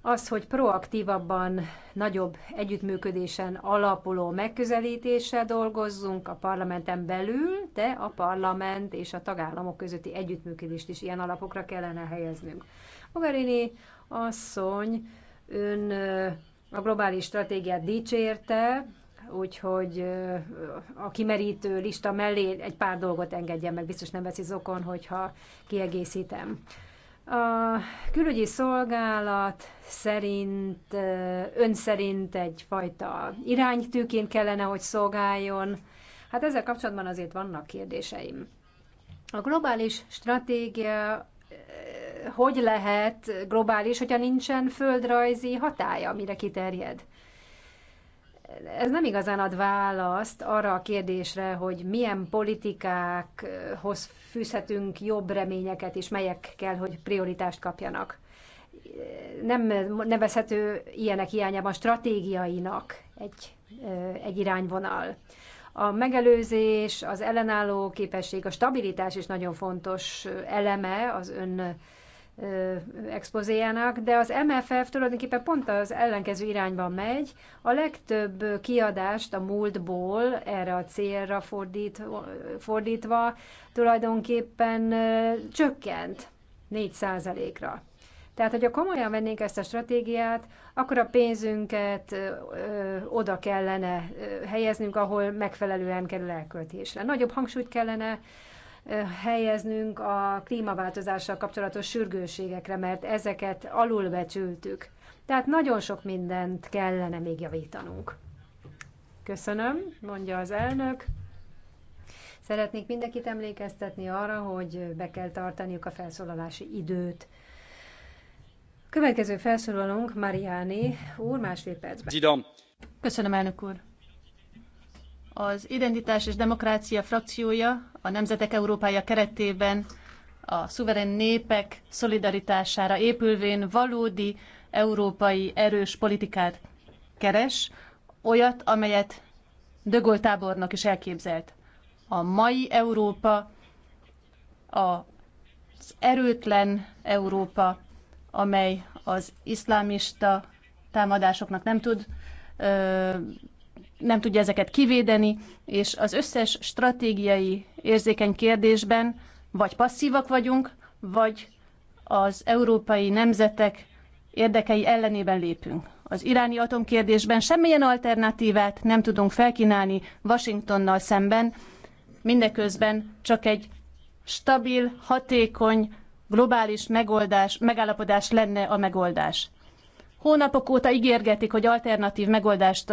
az, hogy proaktívabban, nagyobb együttműködésen alapuló megközelítéssel dolgozzunk a parlamenten belül, de a parlament és a tagállamok közötti együttműködést is ilyen alapokra kellene helyeznünk. Mogherini asszony, ön a globális stratégiát dicsérte, úgyhogy a kimerítő lista mellé egy pár dolgot engedjen meg, biztos nem veszi zokon, hogyha kiegészítem. A külügyi szolgálat szerint, ön szerint egyfajta iránytűként kellene, hogy szolgáljon. Hát ezzel kapcsolatban azért vannak kérdéseim. A globális stratégia hogy lehet globális, hogyha nincsen földrajzi hatája, amire kiterjed? ez nem igazán ad választ arra a kérdésre, hogy milyen politikákhoz fűzhetünk jobb reményeket, és melyek kell, hogy prioritást kapjanak. Nem nevezhető ilyenek hiányában stratégiainak egy, egy irányvonal. A megelőzés, az ellenálló képesség, a stabilitás is nagyon fontos eleme az ön expozéjának, de az MFF tulajdonképpen pont az ellenkező irányba megy. A legtöbb kiadást a múltból erre a célra fordít, fordítva tulajdonképpen csökkent 4%-ra. Tehát, hogyha komolyan vennénk ezt a stratégiát, akkor a pénzünket ö, oda kellene helyeznünk, ahol megfelelően kerül elköltésre. Nagyobb hangsúlyt kellene helyeznünk a klímaváltozással kapcsolatos sürgőségekre, mert ezeket alulbecsültük. Tehát nagyon sok mindent kellene még javítanunk. Köszönöm, mondja az elnök. Szeretnék mindenkit emlékeztetni arra, hogy be kell tartaniuk a felszólalási időt. Következő felszólalónk Mariani úr másfél percben. Köszönöm, elnök úr. Az Identitás és Demokrácia frakciója a Nemzetek Európája keretében a szuverén népek szolidaritására épülvén valódi európai erős politikát keres, olyat, amelyet De Gaulle tábornok is elképzelt. A mai Európa, az erőtlen Európa, amely az iszlámista támadásoknak nem tud ö, nem tudja ezeket kivédeni, és az összes stratégiai érzékeny kérdésben vagy passzívak vagyunk, vagy az európai nemzetek érdekei ellenében lépünk. Az iráni atomkérdésben semmilyen alternatívát nem tudunk felkínálni Washingtonnal szemben, mindeközben csak egy stabil, hatékony, globális megoldás, megállapodás lenne a megoldás. Hónapok óta ígérgetik, hogy alternatív megoldást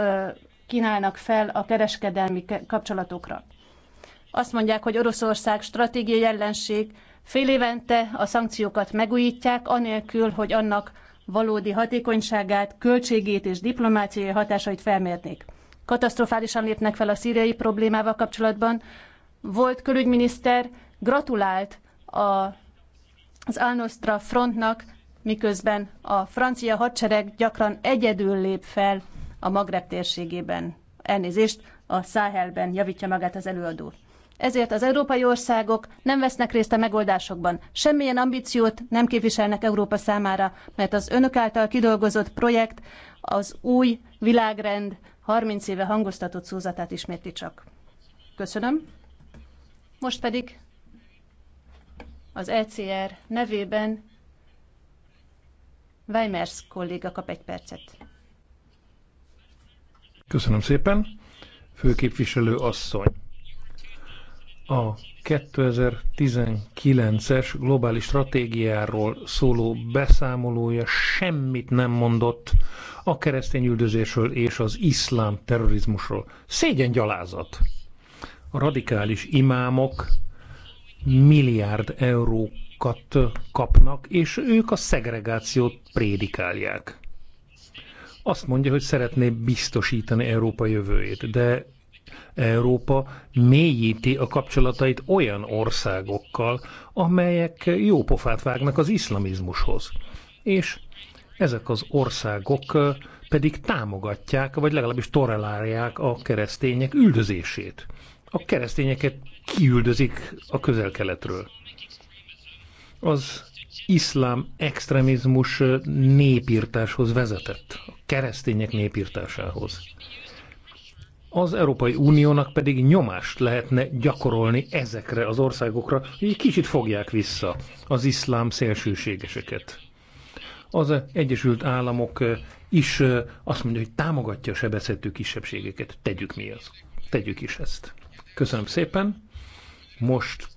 kínálnak fel a kereskedelmi kapcsolatokra. Azt mondják, hogy Oroszország stratégiai ellenség, fél évente a szankciókat megújítják, anélkül, hogy annak valódi hatékonyságát, költségét és diplomáciai hatásait felmérnék. Katasztrofálisan lépnek fel a szíriai problémával kapcsolatban. Volt külügyminiszter, gratulált a, az Alnostra frontnak, miközben a francia hadsereg gyakran egyedül lép fel a Magreb térségében, elnézést, a Száhelben javítja magát az előadó. Ezért az európai országok nem vesznek részt a megoldásokban. Semmilyen ambíciót nem képviselnek Európa számára, mert az önök által kidolgozott projekt az új világrend 30 éve hangoztatott szózatát ismétli csak. Köszönöm. Most pedig az ECR nevében Weimers kolléga kap egy percet. Köszönöm szépen. Főképviselő asszony. A 2019-es globális stratégiáról szóló beszámolója semmit nem mondott a keresztény üldözésről és az iszlám terrorizmusról. Szégyen gyalázat. A radikális imámok milliárd eurókat kapnak, és ők a szegregációt prédikálják azt mondja, hogy szeretné biztosítani Európa jövőjét, de Európa mélyíti a kapcsolatait olyan országokkal, amelyek jó pofát vágnak az iszlamizmushoz. És ezek az országok pedig támogatják, vagy legalábbis torelálják a keresztények üldözését. A keresztényeket kiüldözik a közel-keletről. Az iszlám extremizmus népírtáshoz vezetett, a keresztények népírtásához. Az Európai Uniónak pedig nyomást lehetne gyakorolni ezekre az országokra, hogy egy kicsit fogják vissza az iszlám szélsőségeseket. Az Egyesült Államok is azt mondja, hogy támogatja a sebezhető kisebbségeket. Tegyük mi az? Tegyük is ezt. Köszönöm szépen. Most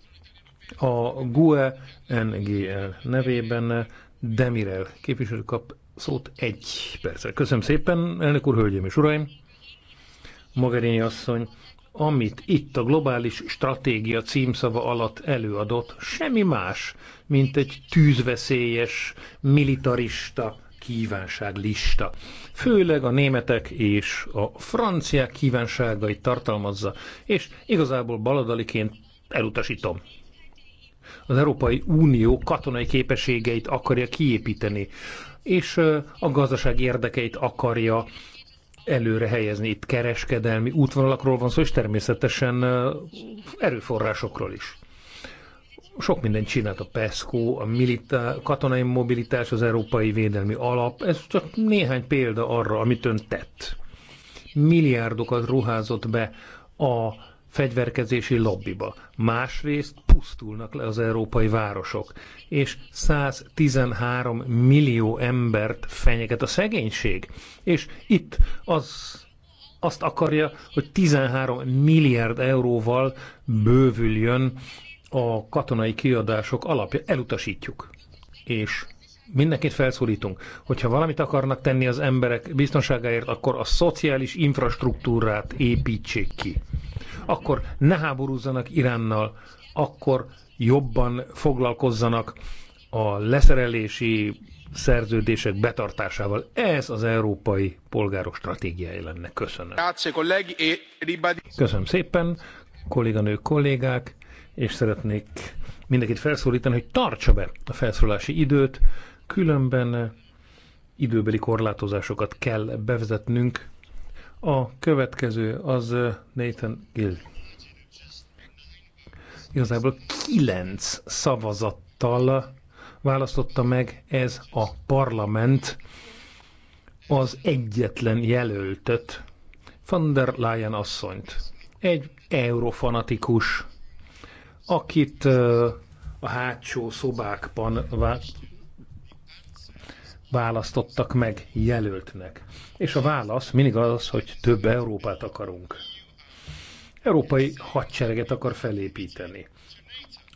a GUE NGL nevében Demirel képviselő kap szót egy percre. Köszönöm szépen, elnök úr, hölgyeim és uraim! Mogherini asszony, amit itt a globális stratégia címszava alatt előadott, semmi más, mint egy tűzveszélyes, militarista kívánságlista. Főleg a németek és a franciák kívánságait tartalmazza, és igazából baladaliként elutasítom az Európai Unió katonai képességeit akarja kiépíteni, és a gazdaság érdekeit akarja előre helyezni. Itt kereskedelmi útvonalakról van szó, és természetesen erőforrásokról is. Sok mindent csinált a PESCO, a milita- katonai mobilitás, az Európai Védelmi Alap. Ez csak néhány példa arra, amit ön tett. Milliárdokat ruházott be a fegyverkezési lobbiba. Másrészt pusztulnak le az európai városok, és 113 millió embert fenyeget a szegénység. És itt az azt akarja, hogy 13 milliárd euróval bővüljön a katonai kiadások alapja. Elutasítjuk. És mindenkit felszólítunk, hogyha valamit akarnak tenni az emberek biztonságáért, akkor a szociális infrastruktúrát építsék ki. Akkor ne háborúzzanak Iránnal, akkor jobban foglalkozzanak a leszerelési szerződések betartásával. Ez az európai polgáros stratégiája lenne. Köszönöm. E Köszönöm szépen, kolléganők, kollégák, és szeretnék mindenkit felszólítani, hogy tartsa be a felszólási időt, Különben időbeli korlátozásokat kell bevezetnünk. A következő az Nathan Gill. Igazából kilenc szavazattal választotta meg ez a parlament az egyetlen jelöltöt, van der Leyen asszonyt. Egy eurofanatikus, akit a hátsó szobákban választottak meg jelöltnek. És a válasz mindig az, hogy több Európát akarunk. Európai hadsereget akar felépíteni.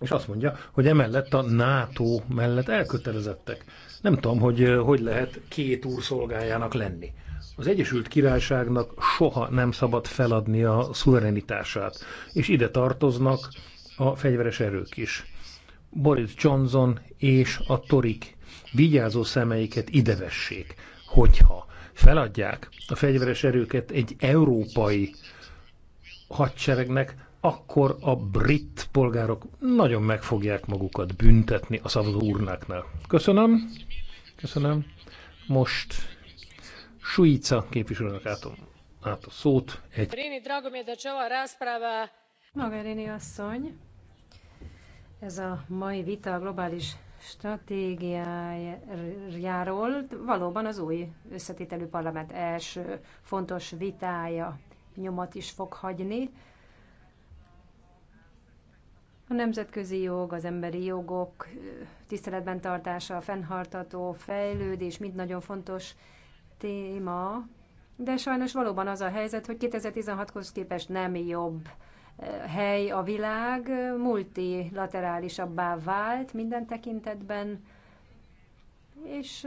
És azt mondja, hogy emellett a NATO mellett elkötelezettek. Nem tudom, hogy hogy lehet két úr szolgájának lenni. Az Egyesült Királyságnak soha nem szabad feladni a szuverenitását, és ide tartoznak a fegyveres erők is. Boris Johnson és a Torik vigyázó szemeiket idevessék, hogyha feladják a fegyveres erőket egy európai hadseregnek, akkor a brit polgárok nagyon meg fogják magukat büntetni a szavazó urnáknál. Köszönöm, köszönöm. Most Suica képviselőnek átom át a szót. Egy... Rini, Maga Réni asszony, ez a mai vita a globális stratégiájáról valóban az új összetételű parlament első fontos vitája nyomat is fog hagyni. A nemzetközi jog, az emberi jogok tiszteletben tartása, a fennhartató fejlődés mind nagyon fontos téma, de sajnos valóban az a helyzet, hogy 2016-hoz képest nem jobb hely a világ multilaterálisabbá vált minden tekintetben, és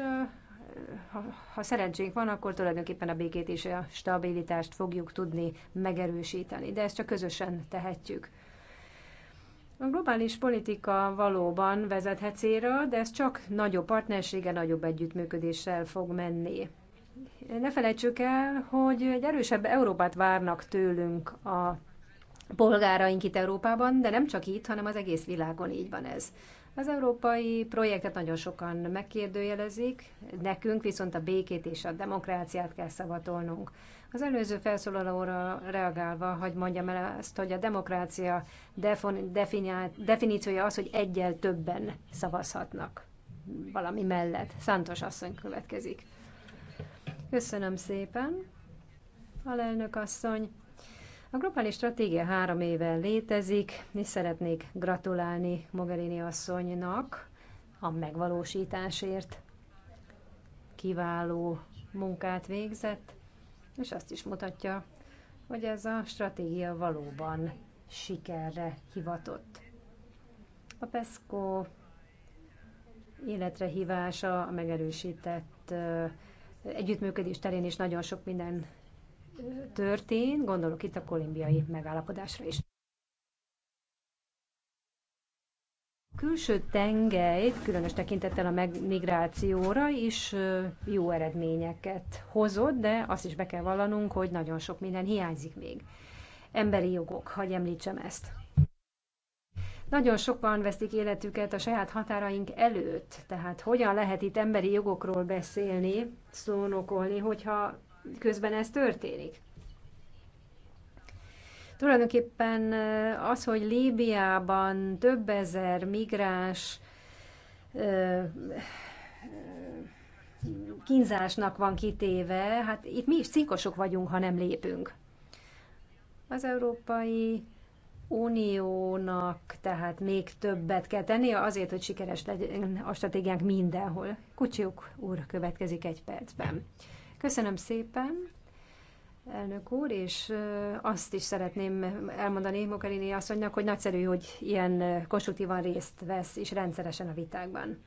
ha, ha szerencsénk van, akkor tulajdonképpen a békét és a stabilitást fogjuk tudni megerősíteni, de ezt csak közösen tehetjük. A globális politika valóban vezethet célra, de ez csak nagyobb partnersége, nagyobb együttműködéssel fog menni. Ne felejtsük el, hogy egy erősebb Európát várnak tőlünk a polgáraink itt Európában, de nem csak itt, hanem az egész világon így van ez. Az európai projektet nagyon sokan megkérdőjelezik, nekünk viszont a békét és a demokráciát kell szavatolnunk. Az előző felszólalóra reagálva, hogy mondjam el azt, hogy a demokrácia definíciója az, hogy egyel többen szavazhatnak valami mellett. Szántos asszony következik. Köszönöm szépen, alelnök asszony. A globális stratégia három éve létezik, és szeretnék gratulálni Mogherini asszonynak a megvalósításért. Kiváló munkát végzett, és azt is mutatja, hogy ez a stratégia valóban sikerre hivatott. A PESCO életre hívása, a megerősített együttműködés terén is nagyon sok minden történt, gondolok itt a kolumbiai megállapodásra is. külső tengelyt, különös tekintettel a migrációra is jó eredményeket hozott, de azt is be kell vallanunk, hogy nagyon sok minden hiányzik még. Emberi jogok, hagyj említsem ezt. Nagyon sokan vesztik életüket a saját határaink előtt, tehát hogyan lehet itt emberi jogokról beszélni, szónokolni, hogyha közben ez történik. Tulajdonképpen az, hogy Líbiában több ezer migráns kínzásnak van kitéve, hát itt mi is cinkosok vagyunk, ha nem lépünk. Az Európai Uniónak tehát még többet kell tennie azért, hogy sikeres legyen a stratégiánk mindenhol. Kucsiuk úr következik egy percben. Köszönöm szépen, elnök úr, és azt is szeretném elmondani Mokarini asszonynak, hogy nagyszerű, hogy ilyen konstruktívan részt vesz, és rendszeresen a vitákban.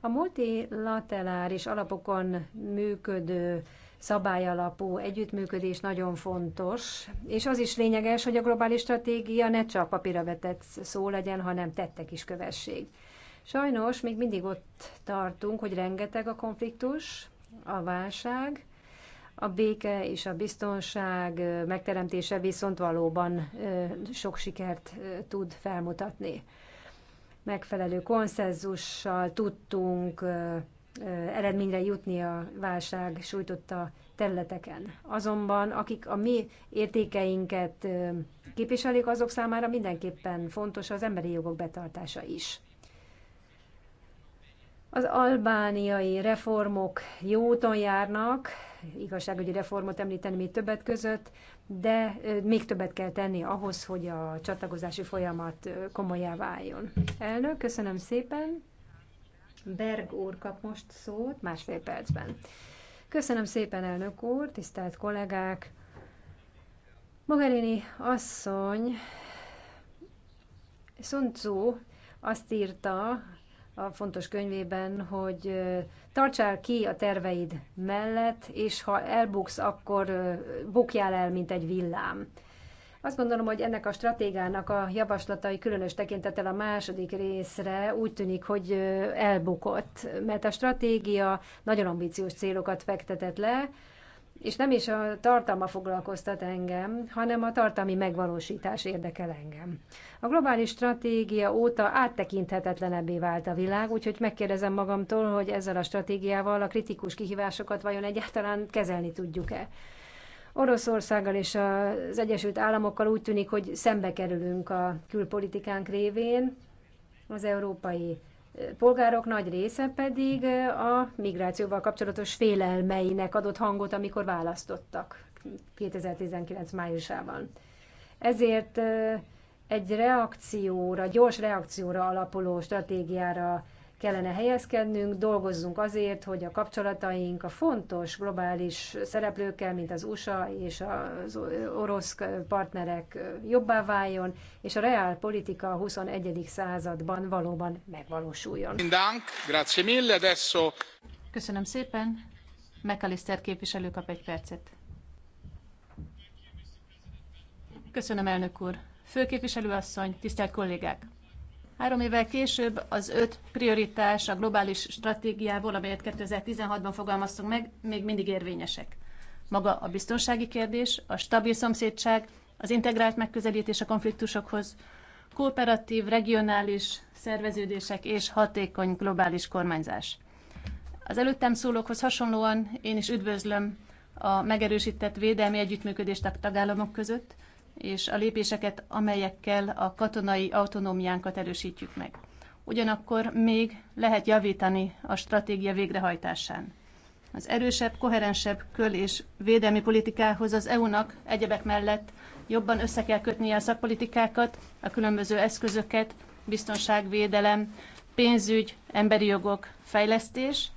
A multilateráris alapokon működő szabályalapú együttműködés nagyon fontos, és az is lényeges, hogy a globális stratégia ne csak papírra vetett szó legyen, hanem tettek is kövessék. Sajnos még mindig ott tartunk, hogy rengeteg a konfliktus, a válság. A béke és a biztonság megteremtése viszont valóban sok sikert tud felmutatni. Megfelelő konszenzussal tudtunk eredményre jutni a válság sújtotta területeken. Azonban akik a mi értékeinket képviselik, azok számára mindenképpen fontos az emberi jogok betartása is. Az albániai reformok jó úton járnak, igazságügyi reformot említeni még többet között, de még többet kell tenni ahhoz, hogy a csatlakozási folyamat komolyá váljon. Elnök, köszönöm szépen. Berg úr kap most szót másfél percben. Köszönöm szépen, elnök úr, tisztelt kollégák! Mogherini asszony, Sun Tzu azt írta a fontos könyvében, hogy tartsál ki a terveid mellett, és ha elbuksz, akkor bukjál el, mint egy villám. Azt gondolom, hogy ennek a stratégának a javaslatai különös tekintettel a második részre úgy tűnik, hogy elbukott, mert a stratégia nagyon ambíciós célokat fektetett le, és nem is a tartalma foglalkoztat engem, hanem a tartalmi megvalósítás érdekel engem. A globális stratégia óta áttekinthetetlenebbé vált a világ, úgyhogy megkérdezem magamtól, hogy ezzel a stratégiával a kritikus kihívásokat vajon egyáltalán kezelni tudjuk-e. Oroszországgal és az Egyesült Államokkal úgy tűnik, hogy szembe kerülünk a külpolitikánk révén. Az európai polgárok nagy része pedig a migrációval kapcsolatos félelmeinek adott hangot, amikor választottak 2019 májusában. Ezért egy reakcióra, gyors reakcióra alapuló stratégiára kellene helyezkednünk, dolgozzunk azért, hogy a kapcsolataink a fontos globális szereplőkkel, mint az USA és az orosz partnerek jobbá váljon, és a reál politika a 21. században valóban megvalósuljon. Köszönöm szépen. McAllister képviselő kap egy percet. Köszönöm, elnök úr. Főképviselő asszony, tisztelt kollégák! Három évvel később az öt prioritás a globális stratégiából, amelyet 2016-ban fogalmaztunk meg, még mindig érvényesek. Maga a biztonsági kérdés, a stabil szomszédság, az integrált megközelítés a konfliktusokhoz, kooperatív, regionális szerveződések és hatékony globális kormányzás. Az előttem szólókhoz hasonlóan én is üdvözlöm a megerősített védelmi együttműködést a tagállamok között, és a lépéseket, amelyekkel a katonai autonómiánkat erősítjük meg. Ugyanakkor még lehet javítani a stratégia végrehajtásán. Az erősebb, koherensebb köl- és védelmi politikához az EU-nak egyebek mellett jobban össze kell kötnie a szakpolitikákat, a különböző eszközöket, biztonságvédelem, pénzügy, emberi jogok, fejlesztés.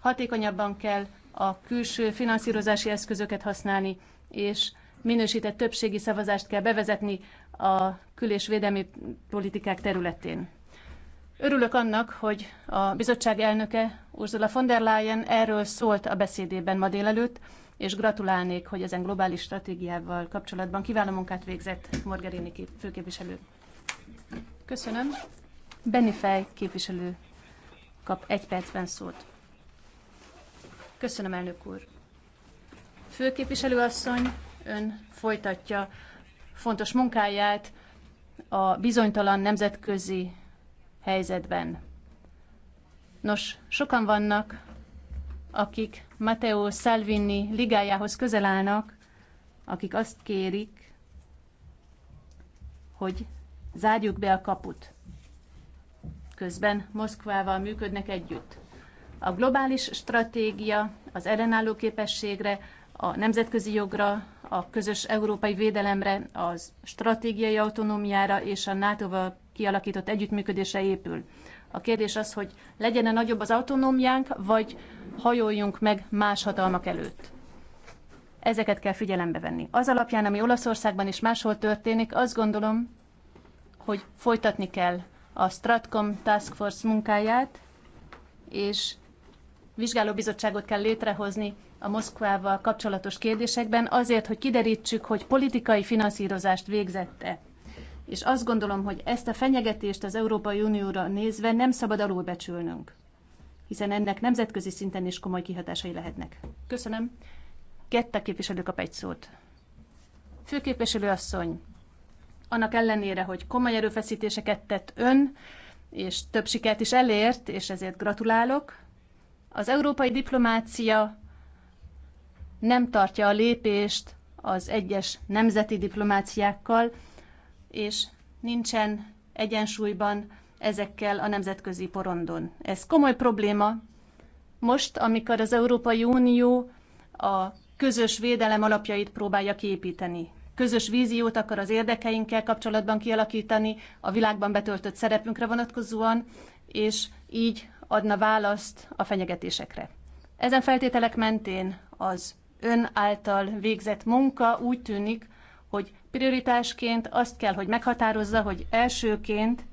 Hatékonyabban kell a külső finanszírozási eszközöket használni, és minősített többségi szavazást kell bevezetni a kül- és védelmi politikák területén. Örülök annak, hogy a bizottság elnöke Ursula von der Leyen erről szólt a beszédében ma délelőtt, és gratulálnék, hogy ezen globális stratégiával kapcsolatban kiváló munkát végzett Morgerini főképviselő. Köszönöm. Benni Fej képviselő kap egy percben szót. Köszönöm, elnök úr. Főképviselő asszony, ön folytatja fontos munkáját a bizonytalan nemzetközi helyzetben. Nos, sokan vannak, akik Matteo Salvini ligájához közel állnak, akik azt kérik, hogy zárjuk be a kaput. Közben Moszkvával működnek együtt. A globális stratégia az ellenálló képességre, a nemzetközi jogra, a közös európai védelemre, az stratégiai autonómiára és a NATO-val kialakított együttműködésre épül. A kérdés az, hogy legyen-e nagyobb az autonómiánk, vagy hajoljunk meg más hatalmak előtt. Ezeket kell figyelembe venni. Az alapján, ami Olaszországban és máshol történik, azt gondolom, hogy folytatni kell a Stratcom Task Force munkáját, és vizsgálóbizottságot kell létrehozni a Moszkvával kapcsolatos kérdésekben, azért, hogy kiderítsük, hogy politikai finanszírozást végzette. És azt gondolom, hogy ezt a fenyegetést az Európai Unióra nézve nem szabad alulbecsülnünk, hiszen ennek nemzetközi szinten is komoly kihatásai lehetnek. Köszönöm. Kette képviselő kap egy szót. Főképviselő asszony, annak ellenére, hogy komoly erőfeszítéseket tett ön, és több sikert is elért, és ezért gratulálok, az európai diplomácia nem tartja a lépést az egyes nemzeti diplomáciákkal, és nincsen egyensúlyban ezekkel a nemzetközi porondon. Ez komoly probléma. Most, amikor az Európai Unió a közös védelem alapjait próbálja kiépíteni, közös víziót akar az érdekeinkkel kapcsolatban kialakítani, a világban betöltött szerepünkre vonatkozóan, és így adna választ a fenyegetésekre. Ezen feltételek mentén az ön által végzett munka úgy tűnik, hogy prioritásként azt kell, hogy meghatározza, hogy elsőként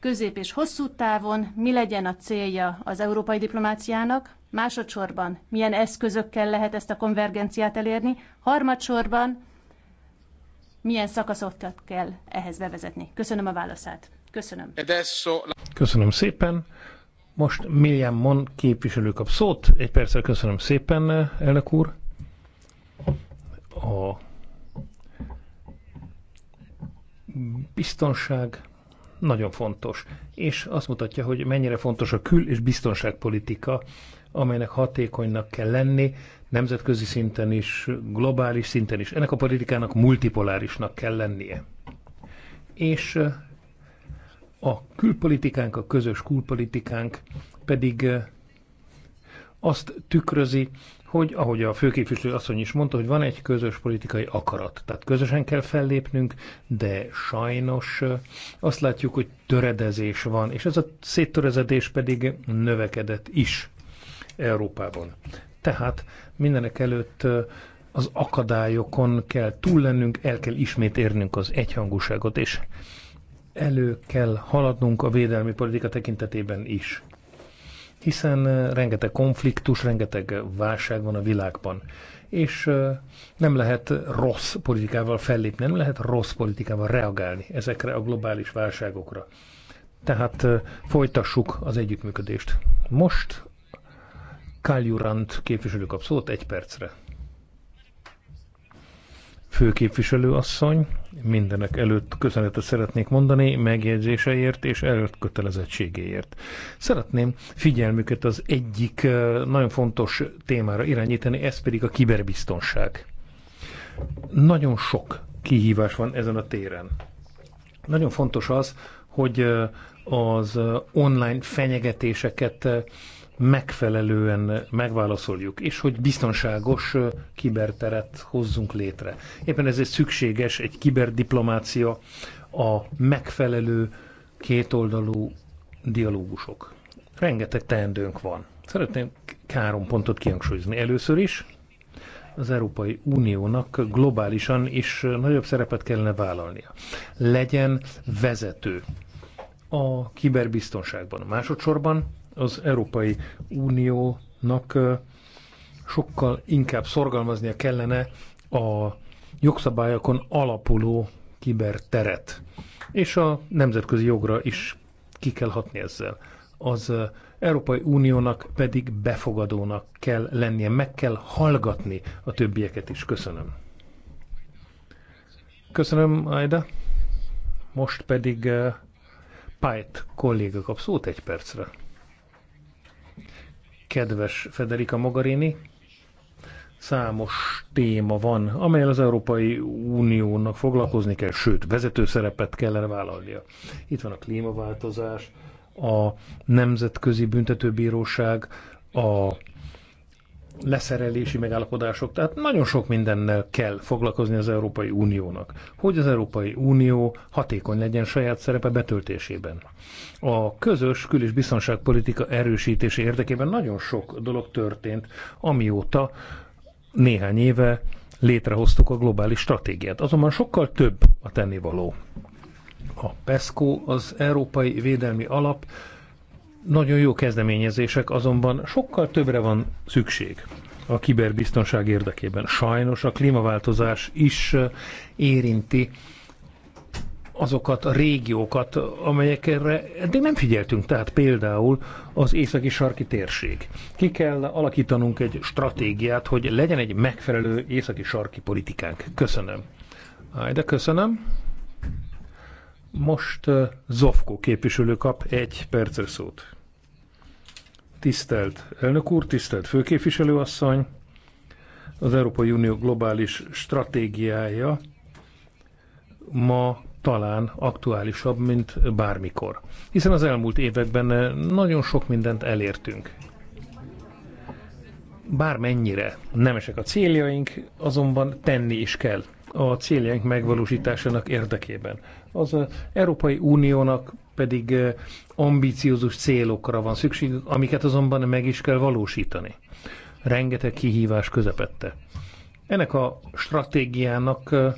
közép és hosszú távon mi legyen a célja az európai diplomáciának, másodszorban milyen eszközökkel lehet ezt a konvergenciát elérni, harmadsorban milyen szakaszokat kell ehhez bevezetni. Köszönöm a válaszát. Köszönöm. Köszönöm szépen. Most Millián Mon képviselő kap szót. Egy perccel köszönöm szépen, elnök úr. A biztonság nagyon fontos, és azt mutatja, hogy mennyire fontos a kül- és biztonságpolitika, amelynek hatékonynak kell lenni, nemzetközi szinten is, globális szinten is. Ennek a politikának multipolárisnak kell lennie. És a külpolitikánk, a közös külpolitikánk pedig eh, azt tükrözi, hogy ahogy a főképviselő asszony is mondta, hogy van egy közös politikai akarat. Tehát közösen kell fellépnünk, de sajnos eh, azt látjuk, hogy töredezés van, és ez a széttörezedés pedig növekedett is Európában. Tehát mindenek előtt eh, az akadályokon kell túl lennünk, el kell ismét érnünk az egyhangúságot, és elő kell haladnunk a védelmi politika tekintetében is. Hiszen eh, rengeteg konfliktus, rengeteg válság van a világban. És eh, nem lehet rossz politikával fellépni, nem lehet rossz politikával reagálni ezekre a globális válságokra. Tehát eh, folytassuk az együttműködést. Most Kaljurant képviselő kap szót egy percre főképviselő asszony, mindenek előtt köszönetet szeretnék mondani megjegyzéseért és előtt kötelezettségéért. Szeretném figyelmüket az egyik eh, nagyon fontos témára irányítani, ez pedig a kiberbiztonság. Nagyon sok kihívás van ezen a téren. Nagyon fontos az, hogy eh, az eh, online fenyegetéseket megfelelően megválaszoljuk, és hogy biztonságos kiberteret hozzunk létre. Éppen ezért szükséges egy kiberdiplomácia, a megfelelő kétoldalú dialógusok. Rengeteg teendőnk van. Szeretném három pontot kihangsúlyozni. Először is az Európai Uniónak globálisan is nagyobb szerepet kellene vállalnia. Legyen vezető a kiberbiztonságban. Másodszorban az Európai Uniónak sokkal inkább szorgalmaznia kellene a jogszabályokon alapuló kiberteret. És a nemzetközi jogra is ki kell hatni ezzel. Az Európai Uniónak pedig befogadónak kell lennie, meg kell hallgatni a többieket is. Köszönöm. Köszönöm, Ajda. Most pedig uh, Pájt kolléga kap szót egy percre. Kedves Federica Mogherini, számos téma van, amelyel az Európai Uniónak foglalkozni kell, sőt, vezető szerepet kellene vállalnia. Itt van a klímaváltozás, a Nemzetközi Büntetőbíróság, a leszerelési megállapodások, tehát nagyon sok mindennel kell foglalkozni az Európai Uniónak, hogy az Európai Unió hatékony legyen saját szerepe betöltésében. A közös kül- és biztonságpolitika erősítése érdekében nagyon sok dolog történt, amióta néhány éve létrehoztuk a globális stratégiát. Azonban sokkal több a tennivaló. A PESCO, az Európai Védelmi Alap nagyon jó kezdeményezések, azonban sokkal többre van szükség a kiberbiztonság érdekében. Sajnos a klímaváltozás is érinti azokat a régiókat, amelyekre eddig nem figyeltünk, tehát például az északi sarki térség. Ki kell alakítanunk egy stratégiát, hogy legyen egy megfelelő északi sarki politikánk. Köszönöm. Ajde, köszönöm. Most Zofko képviselő kap egy perces szót. Tisztelt elnök úr, tisztelt főképviselőasszony, az Európai Unió globális stratégiája ma talán aktuálisabb, mint bármikor. Hiszen az elmúlt években nagyon sok mindent elértünk. Bármennyire nemesek a céljaink, azonban tenni is kell a céljaink megvalósításának érdekében. Az eh, Európai Uniónak pedig eh, ambíciózus célokra van szükség, amiket azonban meg is kell valósítani. Rengeteg kihívás közepette. Ennek a stratégiának eh,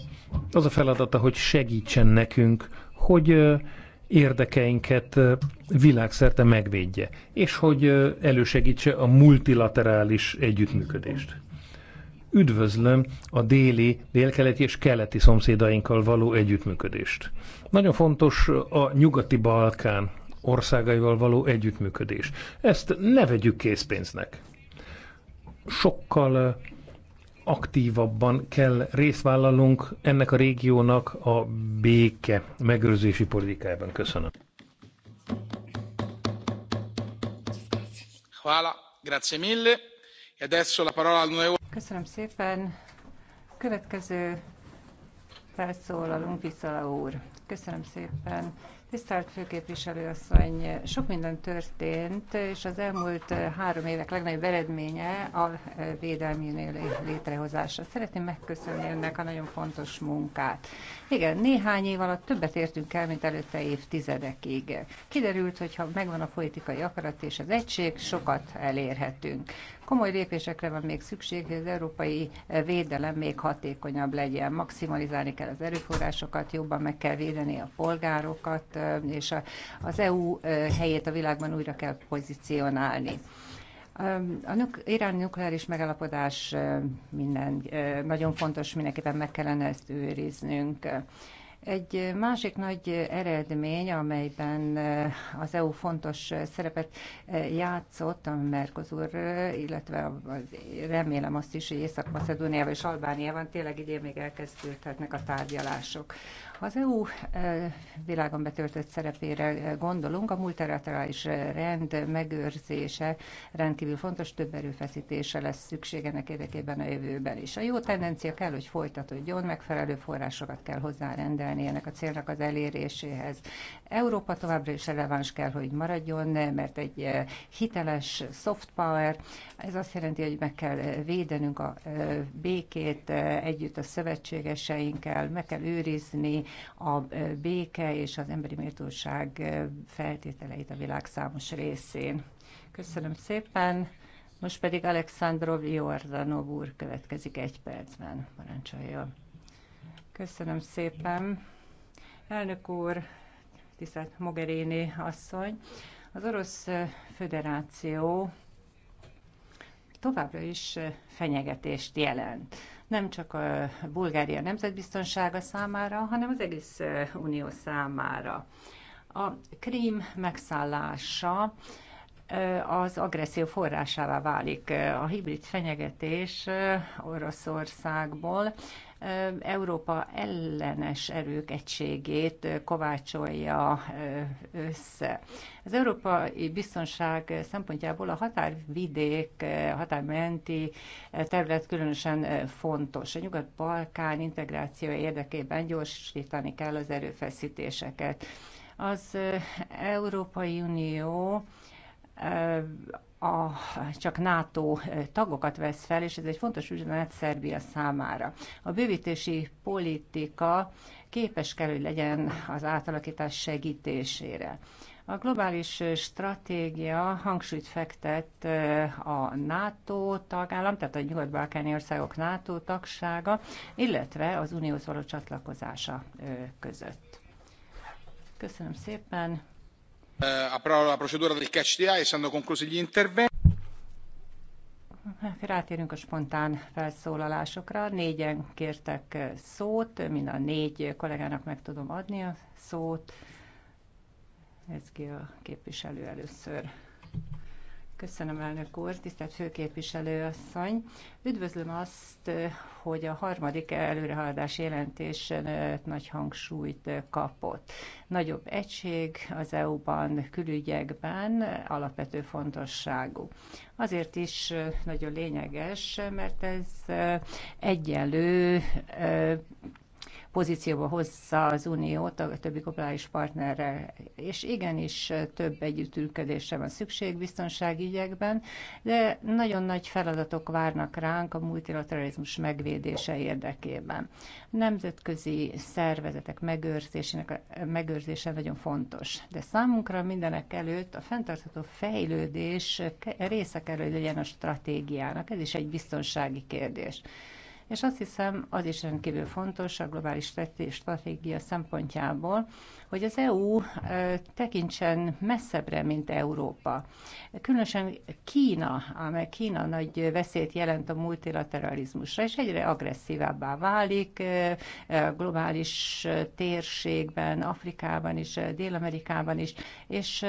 az a feladata, hogy segítsen nekünk, hogy érdekeinket világszerte megvédje, és hogy elősegítse a multilaterális együttműködést. Üdvözlöm a déli, délkeleti és keleti szomszédainkkal való együttműködést. Nagyon fontos a nyugati Balkán országaival való együttműködés. Ezt ne vegyük készpénznek. Sokkal aktívabban kell részt vállalnunk ennek a régiónak a béke megőrzési politikájában. Köszönöm. Hála, grazie mille. E adesso la parola al Köszönöm szépen. Következő felszólalunk Viszala úr. Köszönöm szépen. Tisztelt asszony, sok minden történt, és az elmúlt eh, három évek legnagyobb eredménye a eh, védelmi létrehozása. Szeretném megköszönni önnek a nagyon fontos munkát. Igen, néhány év alatt többet értünk el, mint előtte évtizedekig. Kiderült, hogy ha megvan a politikai akarat és az egység, sokat elérhetünk. Komoly lépésekre van még szükség, hogy az európai védelem még hatékonyabb legyen. Maximalizálni kell az erőforrásokat, jobban meg kell védeni a polgárokat, és az EU eh, helyét a világban újra kell pozícionálni. A nuk- iráni nukleáris megállapodás minden, nagyon fontos, mindenképpen meg kellene ezt őriznünk. Egy másik nagy eredmény, amelyben eh, az EU fontos eh, szerepet eh, játszott a Merkozur, illetve az, remélem azt is, hogy észak macedóniában és Albániában tényleg idén még elkezdődhetnek a tárgyalások. Az EU világon betöltött szerepére gondolunk, a multilaterális rend megőrzése rendkívül fontos, több erőfeszítése lesz szükség ennek érdekében a jövőben is. A jó tendencia kell, hogy folytatódjon, megfelelő forrásokat kell hozzárendelni segíteni ennek a célnak az eléréséhez. Európa továbbra is releváns kell, hogy maradjon, mert egy eh, hiteles soft power, ez azt jelenti, hogy meg kell eh, védenünk a eh, békét együtt a szövetségeseinkkel, meg kell őrizni a béke és az emberi méltóság feltételeit a világ számos részén. Köszönöm szépen! Most pedig Alexandrov Jordanov úr következik egy percben. Parancsoljon! Köszönöm szépen. Elnök úr, tisztelt Mogherini asszony, az Orosz Föderáció továbbra is fenyegetést jelent. Nem csak a Bulgária nemzetbiztonsága számára, hanem az egész Unió számára. A Krím megszállása az agresszió forrásává válik a hibrid fenyegetés Oroszországból, Európa ellenes erők egységét kovácsolja össze. Az európai biztonság szempontjából a határvidék, a határmenti terület különösen fontos. A Nyugat-Balkán integráció érdekében gyorsítani kell az erőfeszítéseket. Az Európai Unió a, csak NATO tagokat vesz fel, és ez egy fontos üzenet Szerbia számára. A bővítési politika képes kell, hogy legyen az átalakítás segítésére. A globális stratégia hangsúlyt fektet a NATO tagállam, tehát a nyugat-balkáni országok NATO tagsága, illetve az unióhoz való csatlakozása között. Köszönöm szépen! Rátérünk a spontán felszólalásokra. Négyen kértek eh, szót, mind a négy kollégának meg tudom adni a szót. Ez ki a képviselő először. Köszönöm, elnök úr, tisztelt főképviselő asszony. Üdvözlöm azt, hogy a harmadik előrehaladás jelentésen nagy hangsúlyt kapott. Nagyobb egység az EU-ban, külügyekben alapvető fontosságú. Azért is nagyon lényeges, mert ez egyenlő pozícióba hozza az Uniót a többi globális partnerrel. És igenis több együttműködésre van szükség biztonsági ügyekben, de nagyon nagy feladatok várnak ránk a multilateralizmus megvédése érdekében. A nemzetközi szervezetek megőrzésének, megőrzése nagyon fontos, de számunkra mindenek előtt a fenntartható fejlődés része kell, hogy legyen a stratégiának. Ez is egy biztonsági kérdés. És azt hiszem, az is rendkívül fontos a globális stratégia szempontjából, hogy az EU tekintsen messzebbre, mint Európa. Különösen Kína, amely Kína nagy veszélyt jelent a multilateralizmusra, és egyre agresszívábbá válik globális térségben, Afrikában is, Dél-Amerikában is, és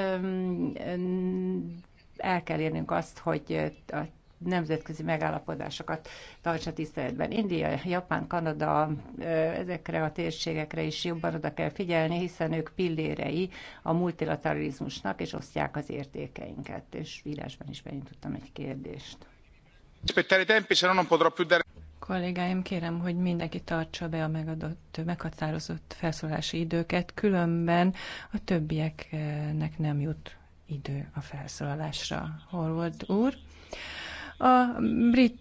el kell érnünk azt, hogy a nemzetközi megállapodásokat tartsa tiszteletben. India, Japán, Kanada, ezekre a térségekre is jobban oda kell figyelni, hiszen ők pillérei a multilateralizmusnak, és osztják az értékeinket. És írásban is beintottam egy kérdést. Kollégáim, kérem, hogy mindenki tartsa be a megadott, meghatározott felszólási időket, különben a többieknek nem jut idő a felszólalásra. Horvold úr. A brit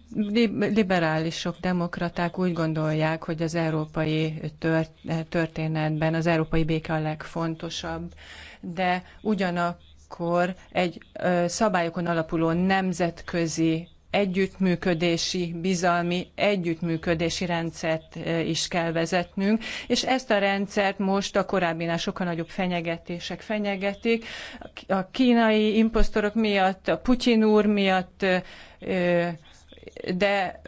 liberálisok, demokraták úgy gondolják, hogy az európai történetben az európai béke a legfontosabb, de ugyanakkor egy szabályokon alapuló nemzetközi együttműködési, bizalmi együttműködési rendszert e, is kell vezetnünk, és ezt a rendszert most a korábbinál sokkal nagyobb fenyegetések fenyegetik. A kínai imposztorok miatt, a Putyin úr miatt e, e, de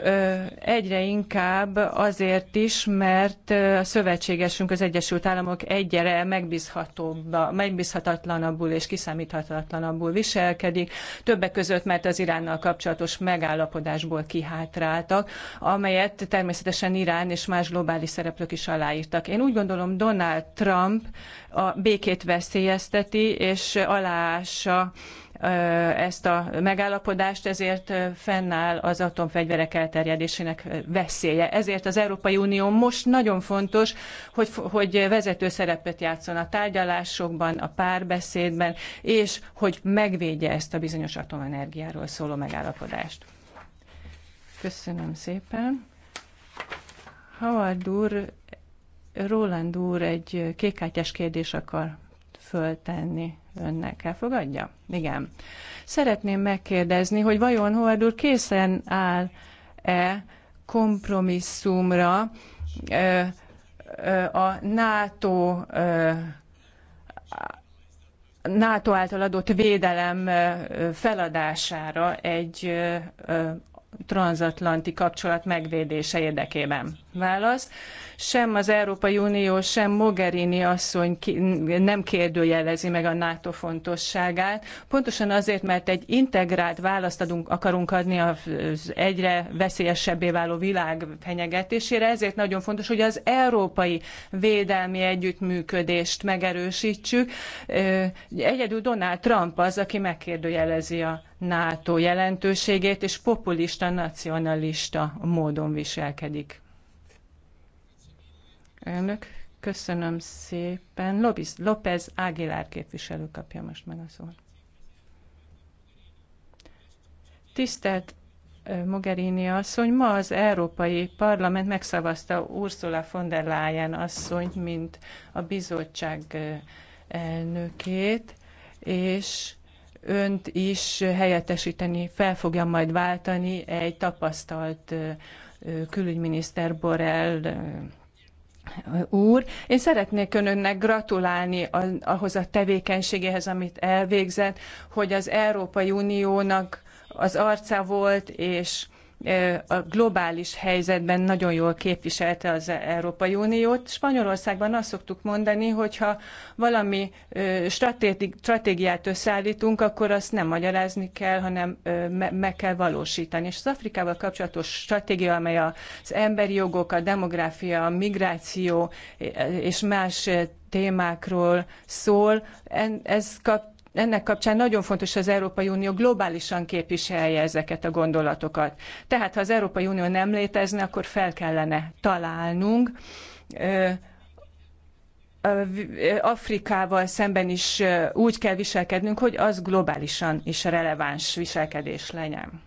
egyre inkább azért is, mert a szövetségesünk, az Egyesült Államok egyre megbízhatatlanabbul és kiszámíthatatlanabbul viselkedik, többek között, mert az Iránnal kapcsolatos megállapodásból kihátráltak, amelyet természetesen Irán és más globális szereplők is aláírtak. Én úgy gondolom, Donald Trump a békét veszélyezteti, és aláássa ezt a megállapodást, ezért fennáll az atomfegyverek elterjedésének veszélye. Ezért az Európai Unió most nagyon fontos, hogy, hogy vezető szerepet játszon a tárgyalásokban, a párbeszédben, és hogy megvédje ezt a bizonyos atomenergiáról szóló megállapodást. Köszönöm szépen. Howard úr, Roland úr egy kékkártyás kérdés akar föltenni önnek elfogadja? Igen. Szeretném megkérdezni, hogy vajon Howard úr készen áll-e kompromisszumra ö, ö, a NATO ö, NATO által adott védelem feladására egy transatlanti kapcsolat megvédése érdekében válasz. Sem az Európai Unió, sem Mogherini asszony nem kérdőjelezi meg a NATO fontosságát. Pontosan azért, mert egy integrált választ adunk, akarunk adni az egyre veszélyesebbé váló világ fenyegetésére, ezért nagyon fontos, hogy az európai védelmi együttműködést megerősítsük. Egyedül Donald Trump az, aki megkérdőjelezi a NATO jelentőségét, és populista, nacionalista módon viselkedik. Elnök, köszönöm szépen. Lobis, López Ágilár képviselő kapja most meg a szót. Tisztelt Mogherini asszony, ma az Európai Parlament megszavazta Ursula von der Leyen asszonyt, mint a bizottság elnökét, és önt is helyettesíteni, fel fogja majd váltani egy tapasztalt külügyminiszter Borrell úr. Én szeretnék önöknek gratulálni ahhoz a tevékenységéhez, amit elvégzett, hogy az Európai Uniónak az arca volt, és a globális helyzetben nagyon jól képviselte az Európai Uniót. Spanyolországban azt szoktuk mondani, hogy ha valami stratégiát összeállítunk, akkor azt nem magyarázni kell, hanem meg kell valósítani. És az Afrikával kapcsolatos stratégia, amely az emberi jogok, a demográfia, a migráció és más témákról szól, ez kap ennek kapcsán nagyon fontos, hogy az Európai Unió globálisan képviselje ezeket a gondolatokat. Tehát, ha az Európai Unió nem létezne, akkor fel kellene találnunk Afrikával szemben is úgy kell viselkednünk, hogy az globálisan is releváns viselkedés legyen.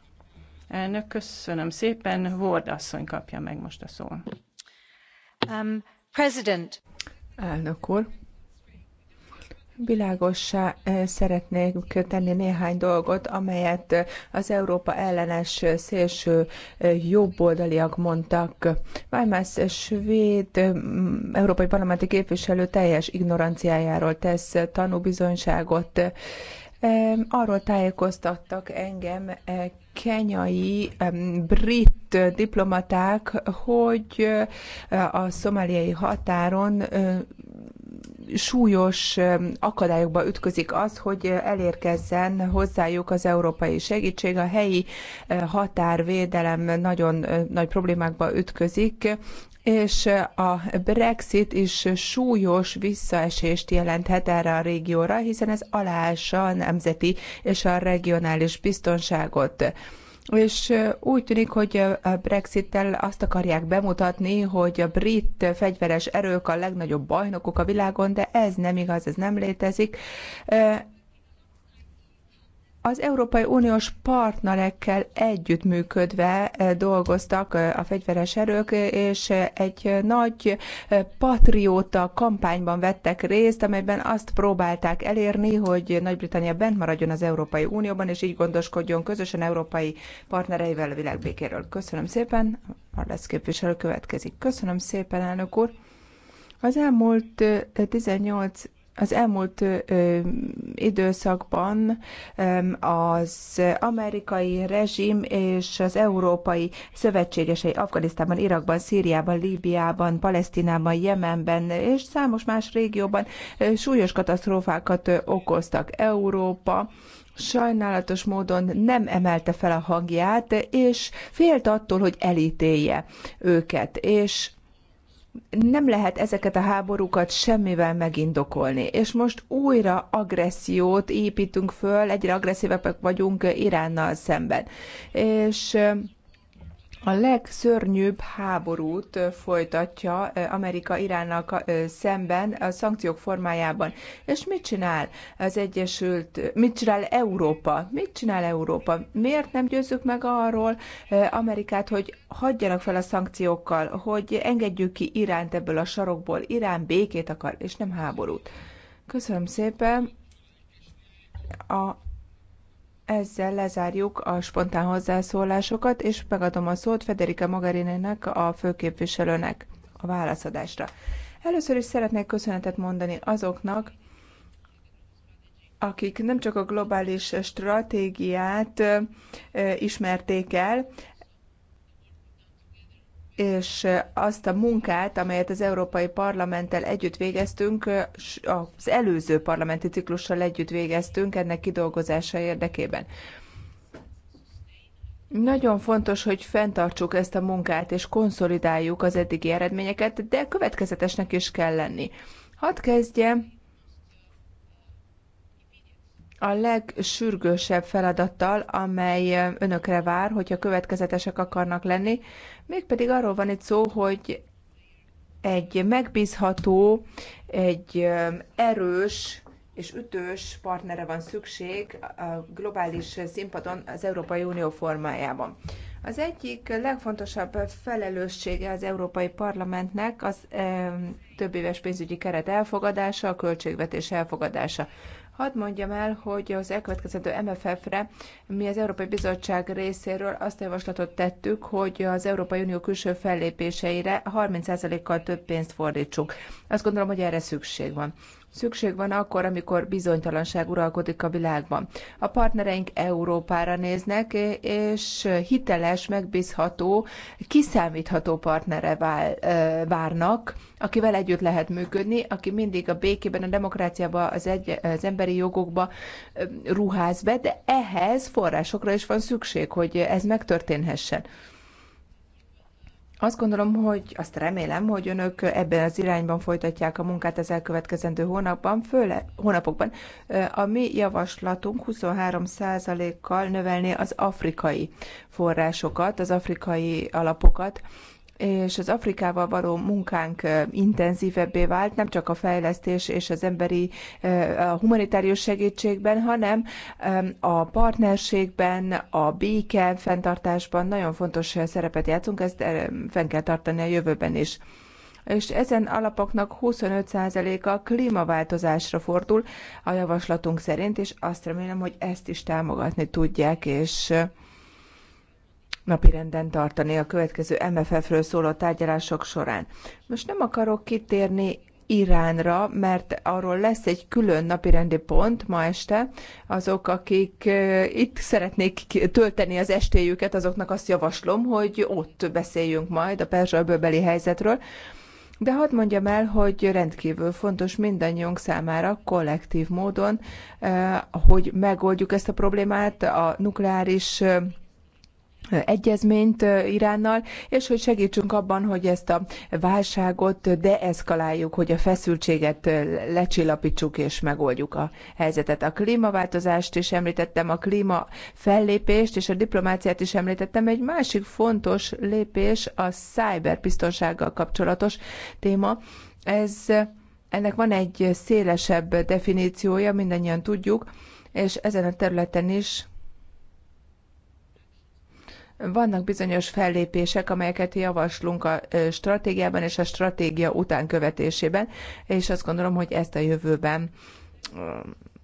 Elnök, köszönöm szépen. Ward asszony kapja meg most a szót. Um, president. Elnök úr, Világossá eh, szeretnék tenni néhány dolgot, amelyet eh, az Európa ellenes eh, szélső jobboldaliak mondtak. Weimers svéd európai parlamenti képviselő teljes ignoranciájáról tesz tanúbizonyságot. Arról tájékoztattak engem kenyai brit diplomaták, hogy a szomáliai határon súlyos akadályokba ütközik az, hogy elérkezzen hozzájuk az európai segítség. A helyi határvédelem nagyon nagy problémákba ütközik, és a Brexit is súlyos visszaesést jelenthet erre a régióra, hiszen ez aláássa a nemzeti és a regionális biztonságot és úgy tűnik, hogy a Brexit-tel azt akarják bemutatni, hogy a brit fegyveres erők a legnagyobb bajnokok a világon, de ez nem igaz, ez nem létezik. Az Európai Uniós partnerekkel együttműködve eh, dolgoztak eh, a fegyveres erők, és eh, egy nagy patrióta kampányban vettek részt, amelyben azt próbálták elérni, hogy Nagy-Britannia bent maradjon az Európai Unióban, és így gondoskodjon közösen európai partnereivel a világbékéről. Köszönöm szépen, Arlesz képviselő következik. Köszönöm szépen, elnök úr. Az elmúlt 18 az elmúlt időszakban az amerikai rezsim és az európai szövetségesei Afganisztánban, Irakban, Szíriában, Líbiában, Palesztinában, Jemenben és számos más régióban súlyos katasztrófákat okoztak. Európa sajnálatos módon nem emelte fel a hangját, és félt attól, hogy elítélje őket, és nem lehet ezeket a háborúkat semmivel megindokolni. És most újra agressziót építünk föl, egyre agresszívebbek vagyunk Iránnal szemben. És a legszörnyűbb háborút folytatja Amerika Iránnal szemben a szankciók formájában. És mit csinál az Egyesült, mit csinál Európa? Mit csinál Európa? Miért nem győzzük meg arról Amerikát, hogy hagyjanak fel a szankciókkal, hogy engedjük ki Iránt ebből a sarokból? Irán békét akar, és nem háborút. Köszönöm szépen. A ezzel lezárjuk a spontán hozzászólásokat, és megadom a szót Federica Mogherininek, a főképviselőnek a válaszadásra. Először is szeretnék köszönetet mondani azoknak, akik nem csak a globális stratégiát ismerték el, és azt a munkát, amelyet az Európai Parlamenttel együtt végeztünk, az előző parlamenti ciklussal együtt végeztünk ennek kidolgozása érdekében. Nagyon fontos, hogy fenntartsuk ezt a munkát, és konszolidáljuk az eddigi eredményeket, de következetesnek is kell lenni. Hadd kezdjem a legsürgősebb feladattal, amely önökre vár, hogyha következetesek akarnak lenni. Mégpedig arról van itt szó, hogy egy megbízható, egy erős és ütős partnere van szükség a globális színpadon az Európai Unió formájában. Az egyik legfontosabb felelőssége az Európai Parlamentnek az e, több éves pénzügyi keret elfogadása, a költségvetés elfogadása. Hadd mondjam el, hogy az elkövetkezendő MFF-re mi az Európai Bizottság részéről azt a javaslatot tettük, hogy az Európai Unió külső fellépéseire 30%-kal több pénzt fordítsuk. Azt gondolom, hogy erre szükség van. Szükség van akkor, amikor bizonytalanság uralkodik a világban. A partnereink Európára néznek, és hiteles, megbízható, kiszámítható partnere várnak, akivel együtt lehet működni, aki mindig a békében, a demokráciába, az, egy, az emberi jogokba ruház be, de ehhez forrásokra is van szükség, hogy ez megtörténhessen. Azt gondolom, hogy azt remélem, hogy önök ebben az irányban folytatják a munkát az elkövetkezendő hónapban, főle, hónapokban. A mi javaslatunk 23%-kal növelné az afrikai forrásokat, az afrikai alapokat és az Afrikával való munkánk intenzívebbé vált, nem csak a fejlesztés és az emberi a humanitárius segítségben, hanem a partnerségben, a béke fenntartásban nagyon fontos szerepet játszunk, ezt fenn kell tartani a jövőben is és ezen alapoknak 25%-a klímaváltozásra fordul a javaslatunk szerint, és azt remélem, hogy ezt is támogatni tudják, és napirenden tartani a következő MFF-ről szóló tárgyalások során. Most nem akarok kitérni Iránra, mert arról lesz egy külön napirendi pont ma este. Azok, akik itt szeretnék tölteni az estéjüket, azoknak azt javaslom, hogy ott beszéljünk majd a perzsa helyzetről. De hadd mondjam el, hogy rendkívül fontos mindannyiunk számára kollektív módon, hogy megoldjuk ezt a problémát a nukleáris egyezményt Iránnal, és hogy segítsünk abban, hogy ezt a válságot deeszkaláljuk, hogy a feszültséget lecsillapítsuk és megoldjuk a helyzetet. A klímaváltozást is említettem, a klíma fellépést és a diplomáciát is említettem. Egy másik fontos lépés a cyberbiztonsággal kapcsolatos téma. Ez, ennek van egy szélesebb definíciója, mindannyian tudjuk, és ezen a területen is vannak bizonyos fellépések, amelyeket javaslunk a stratégiában és a stratégia utánkövetésében, és azt gondolom, hogy ezt a jövőben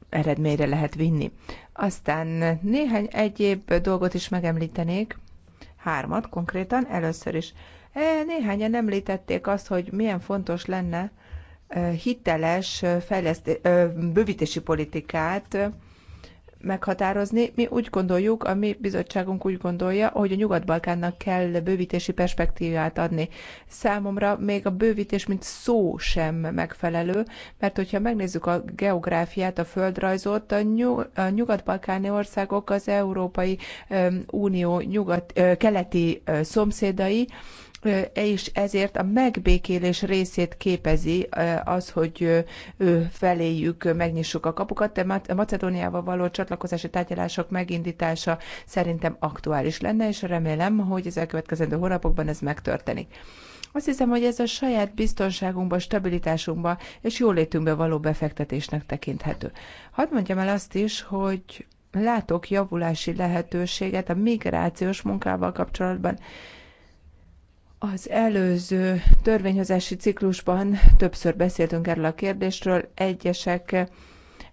eredményre lehet vinni. Aztán néhány egyéb dolgot is megemlítenék, hármat konkrétan, először is. E, néhányan említették azt, hogy milyen fontos lenne hiteles fejleszté- bővítési politikát meghatározni. Mi úgy gondoljuk, a mi bizottságunk úgy gondolja, hogy a Nyugat-Balkánnak kell bővítési perspektívát adni. Számomra még a bővítés, mint szó sem megfelelő, mert hogyha megnézzük a geográfiát, a földrajzot, a, nyug- a nyugat-balkáni országok az Európai Unió nyugat- keleti szomszédai, és e ezért a megbékélés részét képezi az, hogy feléjük megnyissuk a kapukat, de a Macedóniával való csatlakozási tárgyalások megindítása szerintem aktuális lenne, és remélem, hogy az elkövetkezendő hónapokban ez megtörténik. Azt hiszem, hogy ez a saját biztonságunkba, stabilitásunkba és jólétünkbe való befektetésnek tekinthető. Hadd mondjam el azt is, hogy látok javulási lehetőséget a migrációs munkával kapcsolatban az előző törvényhozási ciklusban többször beszéltünk erről a kérdésről. Egyesek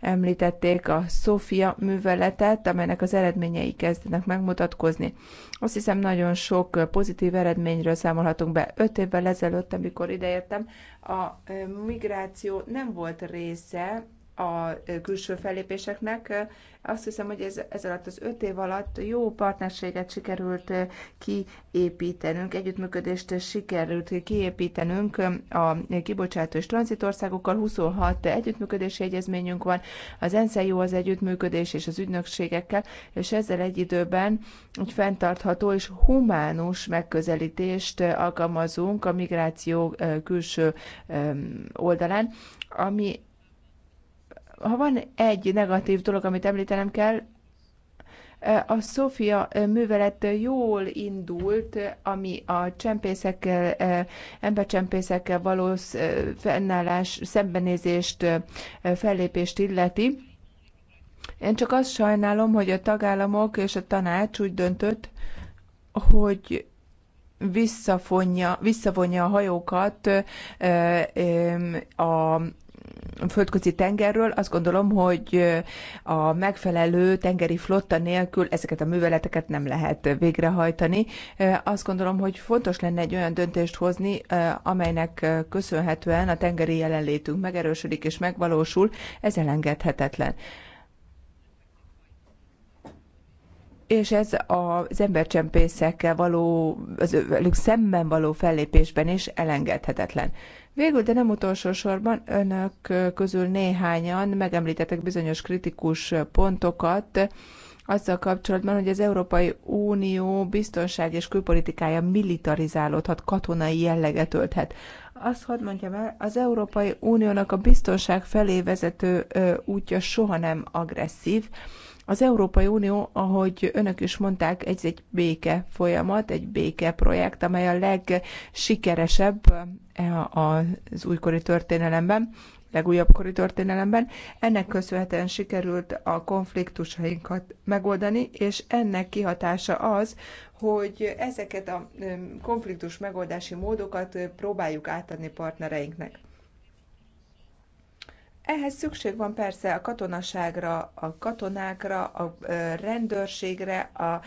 említették a Sofia műveletet, amelynek az eredményei kezdenek megmutatkozni. Azt hiszem, nagyon sok pozitív eredményről számolhatunk be. Öt évvel ezelőtt, amikor ideértem, a migráció nem volt része a külső fellépéseknek. Azt hiszem, hogy ez, ez alatt az öt év alatt jó partnerséget sikerült kiépítenünk, együttműködést sikerült kiépítenünk a kibocsátó és tranzitországokkal. 26 együttműködési egyezményünk van, az ENSZ e jó az együttműködés és az ügynökségekkel, és ezzel egy időben egy fenntartható és humánus megközelítést alkalmazunk a migráció külső oldalán, ami ha van egy negatív dolog, amit említenem kell, a Sofia művelet jól indult, ami a csempészekkel, embercsempészekkel való fennállás, szembenézést, fellépést illeti. Én csak azt sajnálom, hogy a tagállamok és a tanács úgy döntött, hogy visszafonja, visszavonja a hajókat a földközi tengerről. Azt gondolom, hogy a megfelelő tengeri flotta nélkül ezeket a műveleteket nem lehet végrehajtani. Azt gondolom, hogy fontos lenne egy olyan döntést hozni, amelynek köszönhetően a tengeri jelenlétünk megerősödik és megvalósul. Ez elengedhetetlen. és ez az embercsempészekkel való, az velük szemben való fellépésben is elengedhetetlen. Végül, de nem utolsó sorban, önök közül néhányan megemlítettek bizonyos kritikus pontokat, azzal kapcsolatban, hogy az Európai Unió biztonság és külpolitikája militarizálódhat, katonai jelleget ölthet. Azt hadd mondjam el, az Európai Uniónak a biztonság felé vezető útja soha nem agresszív, az Európai Unió, ahogy önök is mondták, egy, egy béke folyamat, egy béke projekt, amely a legsikeresebb eh, az újkori történelemben, legújabb kori történelemben. Ennek köszönhetően sikerült a konfliktusainkat megoldani, és ennek kihatása az, hogy ezeket a eh, konfliktus megoldási módokat eh, próbáljuk átadni partnereinknek. Ehhez szükség van persze a katonaságra, a katonákra, a rendőrségre, a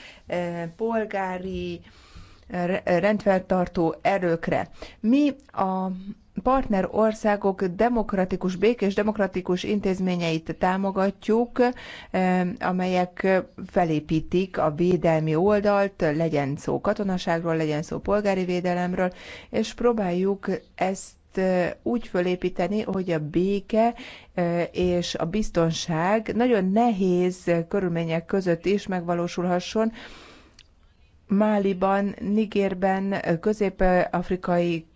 polgári rendfenntartó erőkre. Mi a partner országok demokratikus békés demokratikus intézményeit támogatjuk, amelyek felépítik a védelmi oldalt, legyen szó katonaságról, legyen szó polgári védelemről, és próbáljuk ezt úgy fölépíteni, hogy a béke és a biztonság nagyon nehéz körülmények között is megvalósulhasson. Máliban, Nigérben, közép-afrikai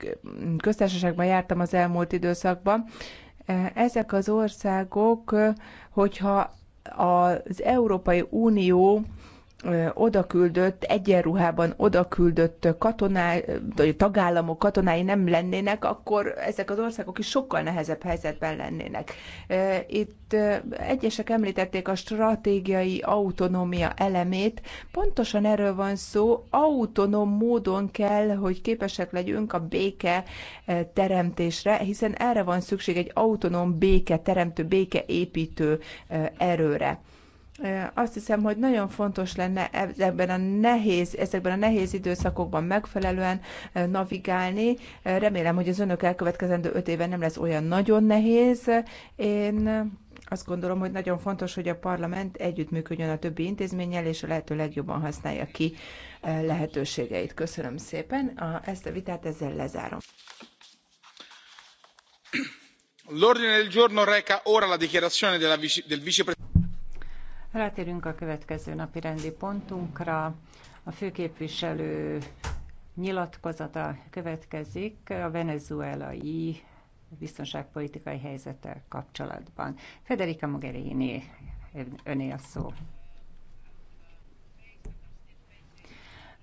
köztársaságban jártam az elmúlt időszakban. Ezek az országok, hogyha az Európai Unió odaküldött, egyenruhában odaküldött katonái, vagy tagállamok katonái nem lennének, akkor ezek az országok is sokkal nehezebb helyzetben lennének. Itt egyesek említették a stratégiai autonómia elemét. Pontosan erről van szó, autonóm módon kell, hogy képesek legyünk a béke teremtésre, hiszen erre van szükség egy autonóm béke teremtő, béke építő erőre. Azt hiszem, hogy nagyon fontos lenne ebben a nehéz, ezekben a nehéz időszakokban megfelelően navigálni. Remélem, hogy az önök elkövetkezendő öt éve nem lesz olyan nagyon nehéz. Én azt gondolom, hogy nagyon fontos, hogy a parlament együttműködjön a többi intézménnyel, és a lehető legjobban használja ki lehetőségeit. Köszönöm szépen. A, ezt a vitát ezzel lezárom. L'ordine del giorno reca ora la dichiarazione della vice, del vicepresidente. Rátérünk a következő napi rendi pontunkra. A főképviselő nyilatkozata következik a venezuelai biztonságpolitikai helyzettel kapcsolatban. Federica Mogherini, öné a szó.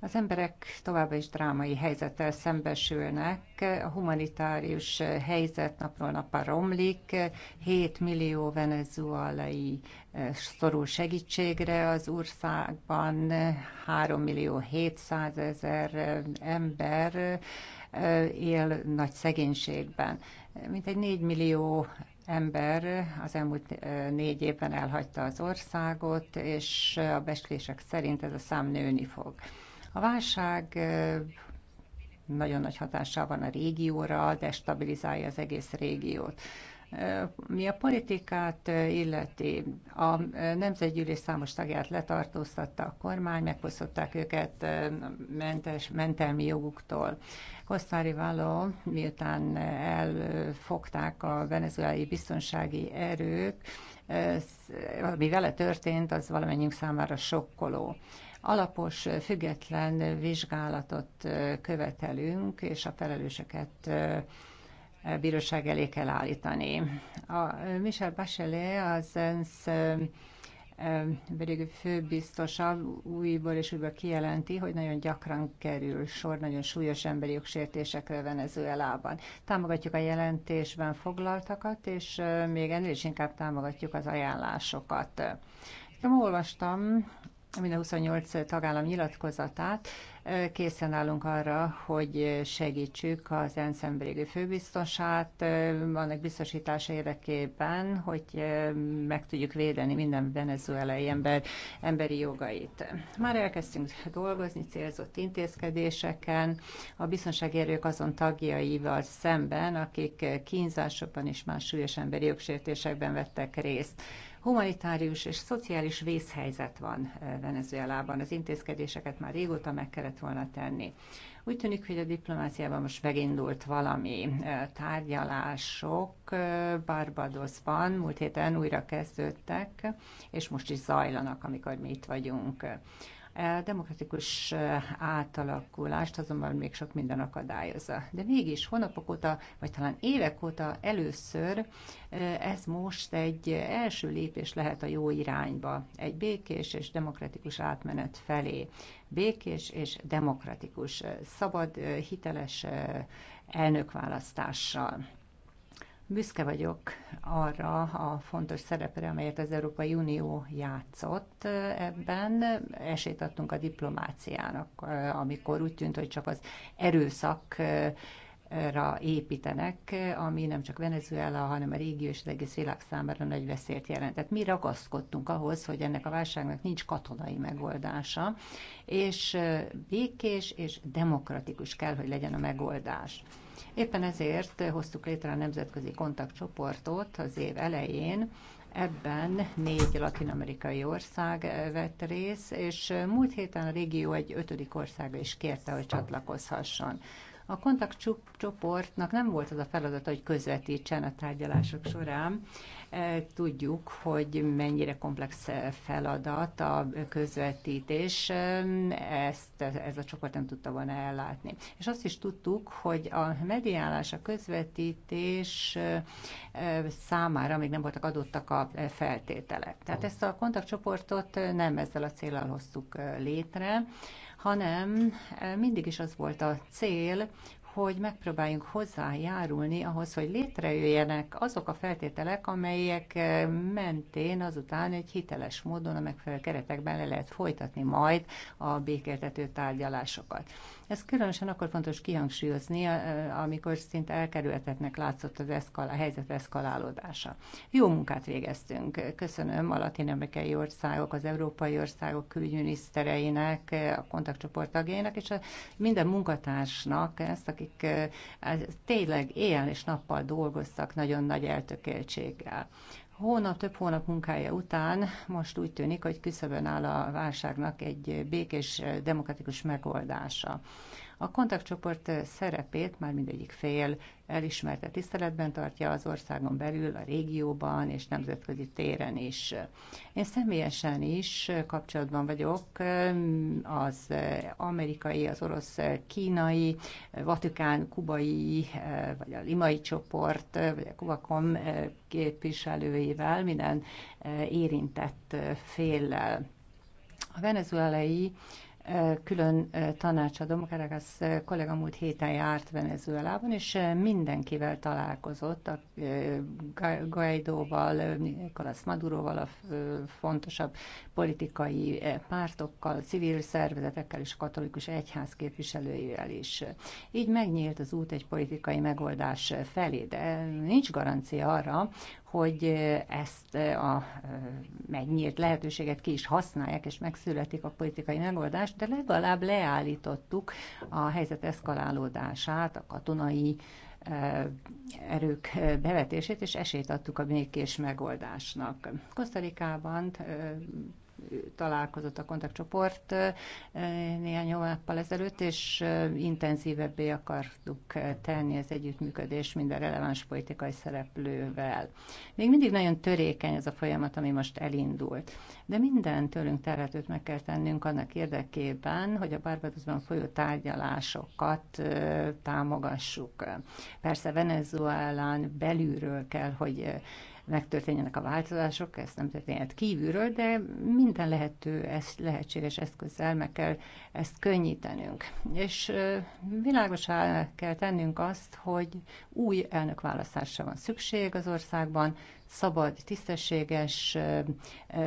Az emberek továbbra is drámai helyzettel szembesülnek. A humanitárius helyzet napról napra romlik. 7 millió venezuelai eh, szorul segítségre az országban. 3 millió 700 ezer eh, ember eh, él nagy szegénységben. Mintegy 4 millió ember az elmúlt négy évben elhagyta az országot, és a beszélések szerint ez a szám nőni fog. A válság nagyon nagy hatással van a régióra, destabilizálja az egész régiót. Mi a politikát illeti, a nemzetgyűlés számos tagját letartóztatta a kormány, megfosztották őket mentes, mentelmi joguktól. Kosztári Váló, miután elfogták a venezuelai biztonsági erők, ami vele történt, az valamennyiünk számára sokkoló. Alapos, független vizsgálatot követelünk, és a felelőseket bíróság elé kell állítani. A Michel Bachelet az ENSZ pedig főbiztosa újból és újból kijelenti, hogy nagyon gyakran kerül sor nagyon súlyos emberi jogsértésekre Venezuelában. Támogatjuk a jelentésben foglaltakat, és még ennél is inkább támogatjuk az ajánlásokat. Én olvastam mind a 28 tagállam nyilatkozatát. Készen állunk arra, hogy segítsük az ENSZ emberégi főbiztosát annak biztosítása érdekében, hogy meg tudjuk védeni minden venezuelai ember emberi jogait. Már elkezdtünk dolgozni célzott intézkedéseken, a biztonsági erők azon tagjaival szemben, akik kínzásokban és más súlyos emberi jogsértésekben vettek részt. Humanitárius és szociális vészhelyzet van eh, Venezuelában, az intézkedéseket már régóta meg kellett volna tenni. Úgy tűnik, hogy a diplomáciában most megindult valami eh, tárgyalások eh, Barbadosban, múlt héten újra kezdődtek, és most is zajlanak, amikor mi itt vagyunk. A demokratikus eh, átalakulást azonban még sok minden akadályozza. De mégis hónapok óta, vagy talán évek óta először eh, ez most egy első lépés lehet a jó irányba, egy békés és demokratikus átmenet felé. Békés és demokratikus, eh, szabad, hiteles elnökválasztással. Büszke vagyok arra a fontos szerepre, amelyet az Európai Unió játszott ebben. Esélyt adtunk a diplomáciának, amikor úgy tűnt, hogy csak az erőszak építenek, ami nem csak Venezuela, hanem a régió és az egész világ számára nagy veszélyt jelent. Tehát mi ragaszkodtunk ahhoz, hogy ennek a válságnak nincs katonai megoldása, és békés és demokratikus kell, hogy legyen a megoldás. Éppen ezért hoztuk létre a nemzetközi kontaktcsoportot az év elején, Ebben négy latinamerikai ország vett részt, és múlt héten a régió egy ötödik országa is kérte, hogy csatlakozhasson. A kontaktcsoportnak nem volt az a feladata, hogy közvetítsen a tárgyalások során, Eh, tudjuk, hogy mennyire komplex eh, feladat a közvetítés, eh, ezt ez a csoport nem tudta volna ellátni. És azt is tudtuk, hogy a mediálás, a közvetítés számára még nem voltak adottak a feltételek. Tehát ezt a kontaktcsoportot nem ezzel a célral hoztuk létre, hanem mindig is az volt a cél, hogy megpróbáljunk hozzájárulni ahhoz, hogy létrejöjjenek azok a feltételek, amelyek eh, mentén azután egy hiteles módon a megfelelő keretekben le lehet folytatni majd a békéltető tárgyalásokat. Ez különösen akkor fontos kihangsúlyozni, eh, amikor szinte elkerülhetetnek látszott az eszkala, a helyzet eszkalálódása. Jó munkát végeztünk. Köszönöm a latin-amerikai országok, az európai országok külügyminisztereinek, eh, a kontaktcsoport tagjainak, és a minden munkatársnak ezt, aki akik tényleg éjjel és nappal dolgoztak nagyon nagy eltökéltséggel hónap, több hónap munkája után most úgy tűnik, hogy küszöbön áll a válságnak egy békés, demokratikus megoldása. A kontaktcsoport szerepét már mindegyik fél elismerte tiszteletben tartja az országon belül, a régióban és nemzetközi téren is. Én személyesen is kapcsolatban vagyok mm, az amerikai, az orosz, kínai, vatikán, kubai, eh, vagy a limai csoport, eh, vagy a kubakom eh, képviselőivel, minden érintett féllel. A venezuelai külön tanácsadom, Caracas kollega múlt héten járt Venezuelában, és mindenkivel találkozott, a Guaidóval, Nicolás Maduroval, a fontosabb politikai pártokkal, civil szervezetekkel és a katolikus egyház képviselőivel is. Így megnyílt az út egy politikai megoldás felé, de nincs garancia arra, hogy ezt a megnyílt lehetőséget ki is használják, és megszületik a politikai megoldás, de legalább leállítottuk a helyzet eszkalálódását, a katonai erők bevetését, és esélyt adtuk a békés megoldásnak. Kosztarikában találkozott a kontaktcsoport néhány hónappal ezelőtt, és intenzívebbé akartuk tenni az együttműködés minden releváns politikai szereplővel. Még mindig nagyon törékeny ez a folyamat, ami most elindult. De minden tőlünk terhetőt meg kell tennünk annak érdekében, hogy a Barbadosban folyó tárgyalásokat támogassuk. Persze Venezuelán belülről kell, hogy megtörténjenek a változások, ez nem történhet kívülről, de minden lehető, ez lehetséges eszközzel meg kell ezt könnyítenünk. És világosá kell tennünk azt, hogy új elnökválasztásra van szükség az országban, szabad, tisztességes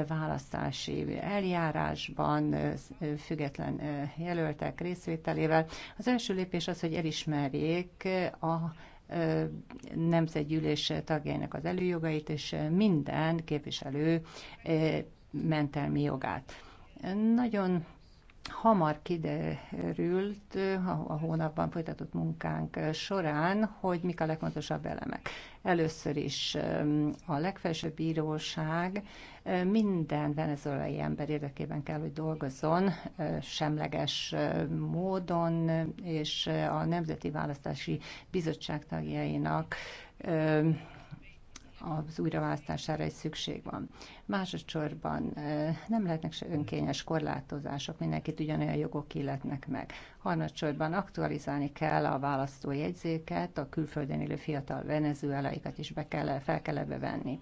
választási eljárásban, független jelöltek részvételével. Az első lépés az, hogy elismerjék a nemzetgyűlés tagjainak az előjogait, és minden képviselő mentelmi jogát. Nagyon hamar kiderült a hónapban folytatott munkánk során, hogy mik a legfontosabb elemek. Először is a legfelsőbb bíróság minden venezuelai ember érdekében kell, hogy dolgozzon semleges módon, és a Nemzeti Választási Bizottság tagjainak az újraválasztására is szükség van. Másodszorban nem lehetnek se önkényes korlátozások, mindenkit ugyanolyan jogok illetnek meg. Harmadsorban aktualizálni kell a választójegyzéket, a külföldön élő fiatal venezuelaikat is be kell, fel kell ebbe venni.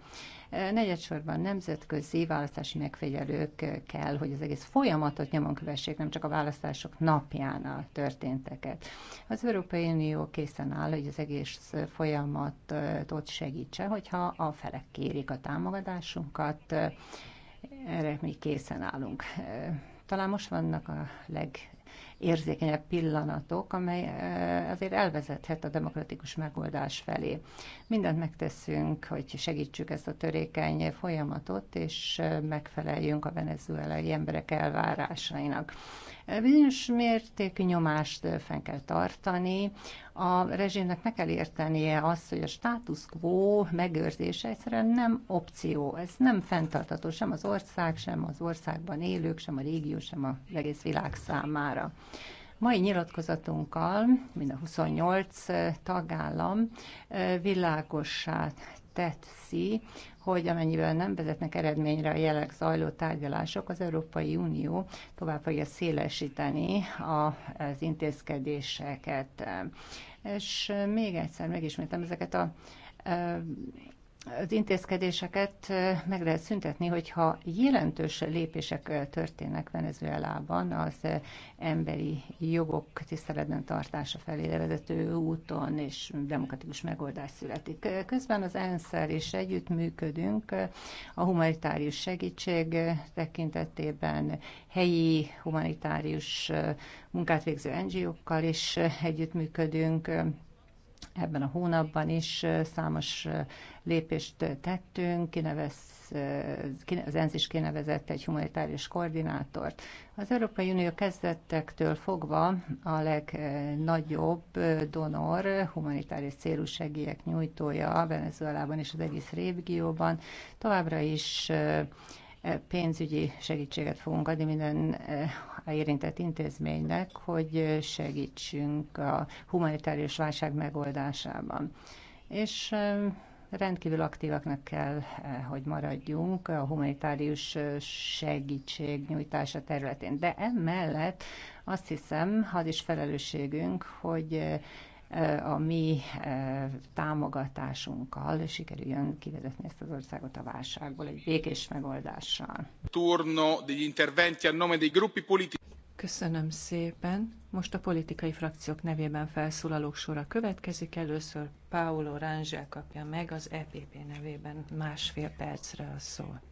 Negyedsorban nemzetközi választási megfigyelők kell, hogy az egész folyamatot nyomon kövessék, nem csak a választások napján a történteket. Az Európai Unió készen áll, hogy az egész folyamatot segítse, hogyha a felek kérik a támogatásunkat, erre mi készen állunk. Talán most vannak a leg érzékenyebb pillanatok, amely azért elvezethet a demokratikus megoldás felé. Mindent megteszünk, hogy segítsük ezt a törékeny folyamatot, és megfeleljünk a venezuelai emberek elvárásainak. Bizonyos mértékű nyomást fenn kell tartani, a rezsimnek meg kell értenie azt, hogy a status quo megőrzése egyszerűen nem opció, ez nem fenntartható sem az ország, sem az országban élők, sem a régió, sem az egész világ számára. Mai nyilatkozatunkkal mind a 28 tagállam világossá teszi, hogy amennyiben nem vezetnek eredményre a jelenleg zajló tárgyalások, az Európai Unió tovább fogja szélesíteni az intézkedéseket. És még egyszer megismétem ezeket a az intézkedéseket meg lehet szüntetni, hogyha jelentős lépések történnek Venezuelában az emberi jogok tiszteletben tartása felé levezető úton, és demokratikus megoldás születik. Közben az ensz is együttműködünk a humanitárius segítség tekintetében, helyi humanitárius munkát végző NGO-kkal is együttműködünk, Ebben a hónapban is számos lépést tettünk, kinevez, az ENSZ is kinevezett egy humanitárius koordinátort. Az Európai Unió kezdetektől fogva a legnagyobb donor, humanitárius célú segélyek nyújtója Venezuelában és az egész régióban. Továbbra is pénzügyi segítséget fogunk adni minden eh, érintett intézménynek, hogy segítsünk a humanitárius válság megoldásában. És eh, rendkívül aktívaknak kell, eh, hogy maradjunk a humanitárius segítség nyújtása területén. De emellett azt hiszem, az is felelősségünk, hogy a mi támogatásunkkal sikerüljön kivezetni ezt az országot a válságból egy békés megoldással. Turno degli interventi a nome dei gruppi politici. Köszönöm szépen. Most a politikai frakciók nevében felszólalók sora következik. Először Paolo Rangel kapja meg az EPP nevében másfél percre a szót.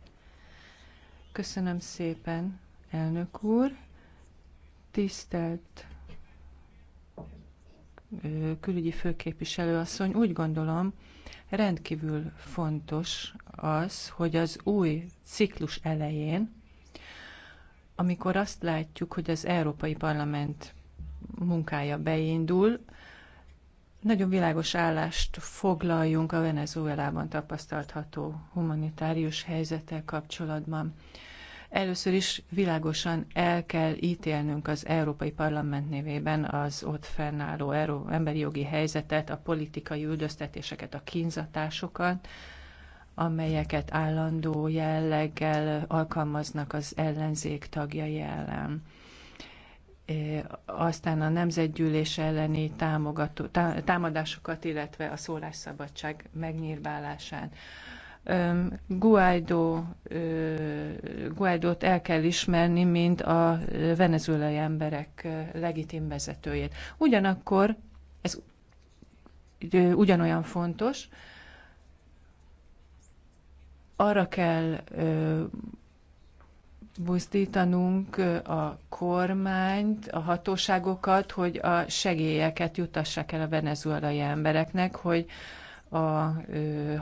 Köszönöm szépen, elnök úr. Tisztelt külügyi főképviselő asszony, úgy gondolom, rendkívül fontos az, hogy az új ciklus elején, amikor azt látjuk, hogy az Európai Parlament munkája beindul, nagyon világos állást foglaljunk a Venezuelában tapasztalható humanitárius helyzettel kapcsolatban. Először is világosan el kell ítélnünk az Európai Parlament névében az ott fennálló emberi jogi helyzetet, a politikai üldöztetéseket, a kínzatásokat, amelyeket állandó jelleggel alkalmaznak az ellenzék tagjai ellen e, aztán a nemzetgyűlés elleni támogató, támadásokat, illetve a szólásszabadság megnyírválásán. Guaidó, Guaidót el kell ismerni, mint a venezuelai emberek legitim vezetőjét. Ugyanakkor ez ugyanolyan fontos, arra kell buzdítanunk a kormányt, a hatóságokat, hogy a segélyeket juttassák el a venezuelai embereknek, hogy a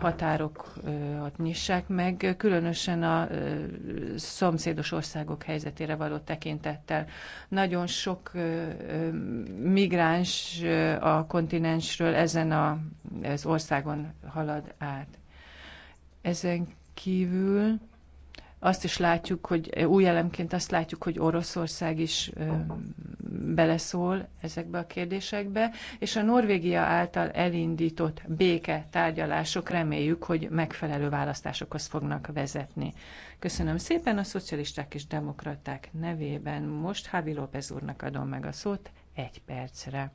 határokat nyissák meg, különösen a szomszédos országok helyzetére való tekintettel. Nagyon sok migráns a kontinensről ezen a, az országon halad át. Ezen kívül azt is látjuk, hogy új elemként azt látjuk, hogy Oroszország is beleszól ezekbe a kérdésekbe, és a Norvégia által elindított béke tárgyalások reméljük, hogy megfelelő választásokhoz fognak vezetni. Köszönöm szépen a szocialisták és demokraták nevében. Most Hávi López úrnak adom meg a szót egy percre.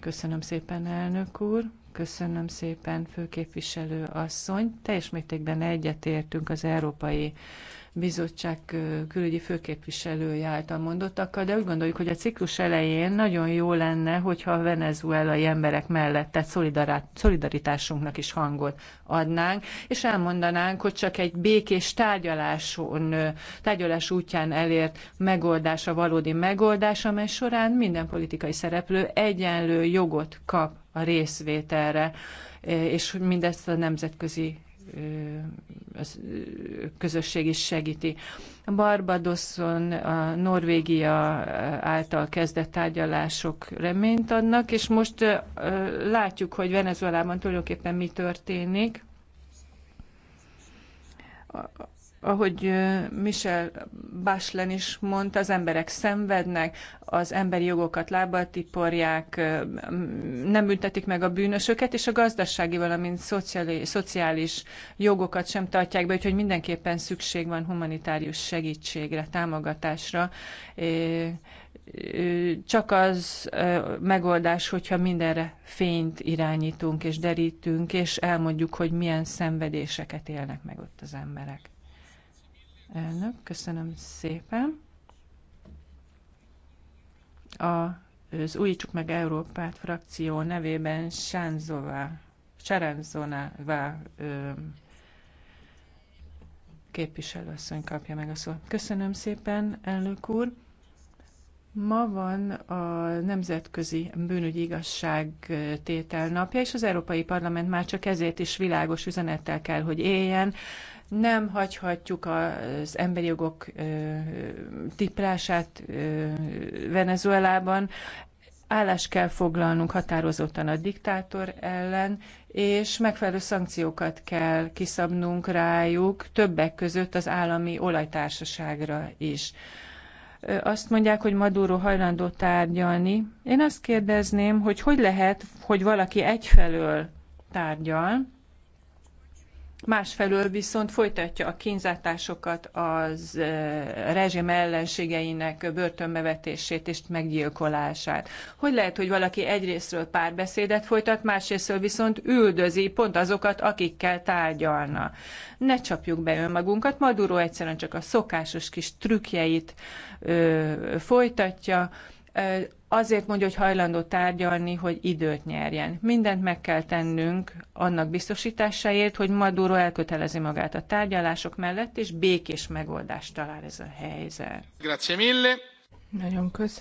Köszönöm szépen, elnök úr. Köszönöm szépen, főképviselő asszony. Teljes mértékben egyetértünk az európai bizottság külügyi főképviselője által mondottakkal, de úgy gondoljuk, hogy a ciklus elején nagyon jó lenne, hogyha a venezuelai emberek mellett, tehát szolidaritásunknak is hangot adnánk, és elmondanánk, hogy csak egy békés tárgyaláson, tárgyalás útján elért megoldása, valódi megoldás, amely során minden politikai szereplő egyenlő jogot kap a részvételre, és mindezt a nemzetközi közösség is segíti. Barbadoson a Norvégia által kezdett tárgyalások reményt adnak, és most látjuk, hogy Venezuelában tulajdonképpen mi történik ahogy Michel Baslen is mondta, az emberek szenvednek, az emberi jogokat lábbal tiporják, nem büntetik meg a bűnösöket, és a gazdasági, valamint szociális, szociális jogokat sem tartják be, úgyhogy mindenképpen szükség van humanitárius segítségre, támogatásra. Csak az megoldás, hogyha mindenre fényt irányítunk és derítünk, és elmondjuk, hogy milyen szenvedéseket élnek meg ott az emberek. Elnök, köszönöm szépen. A, az Újítsuk meg Európát frakció nevében Sánzová, Sárenzonává képviselőasszony kapja meg a szót. Köszönöm szépen, elnök úr. Ma van a Nemzetközi Bűnügyi Igazság tétel napja, és az Európai Parlament már csak ezért is világos üzenettel kell, hogy éljen. Nem hagyhatjuk az emberi jogok tiprását Venezuelában, Állás kell foglalnunk határozottan a diktátor ellen, és megfelelő szankciókat kell kiszabnunk rájuk, többek között az állami olajtársaságra is. Azt mondják, hogy Maduro hajlandó tárgyalni. Én azt kérdezném, hogy hogy lehet, hogy valaki egyfelől tárgyal, másfelől viszont folytatja a kínzátásokat, az rezsim ellenségeinek börtönbevetését és meggyilkolását. Hogy lehet, hogy valaki egyrésztről párbeszédet folytat, másrésztről viszont üldözi pont azokat, akikkel tárgyalna. Ne csapjuk be önmagunkat, Maduro egyszerűen csak a szokásos kis trükkjeit folytatja, azért mondja, hogy hajlandó tárgyalni, hogy időt nyerjen. Mindent meg kell tennünk annak biztosításáért, hogy Maduro elkötelezi magát a tárgyalások mellett, és békés megoldást talál ez a helyzet. Grazie mille. Nagyon köszönöm.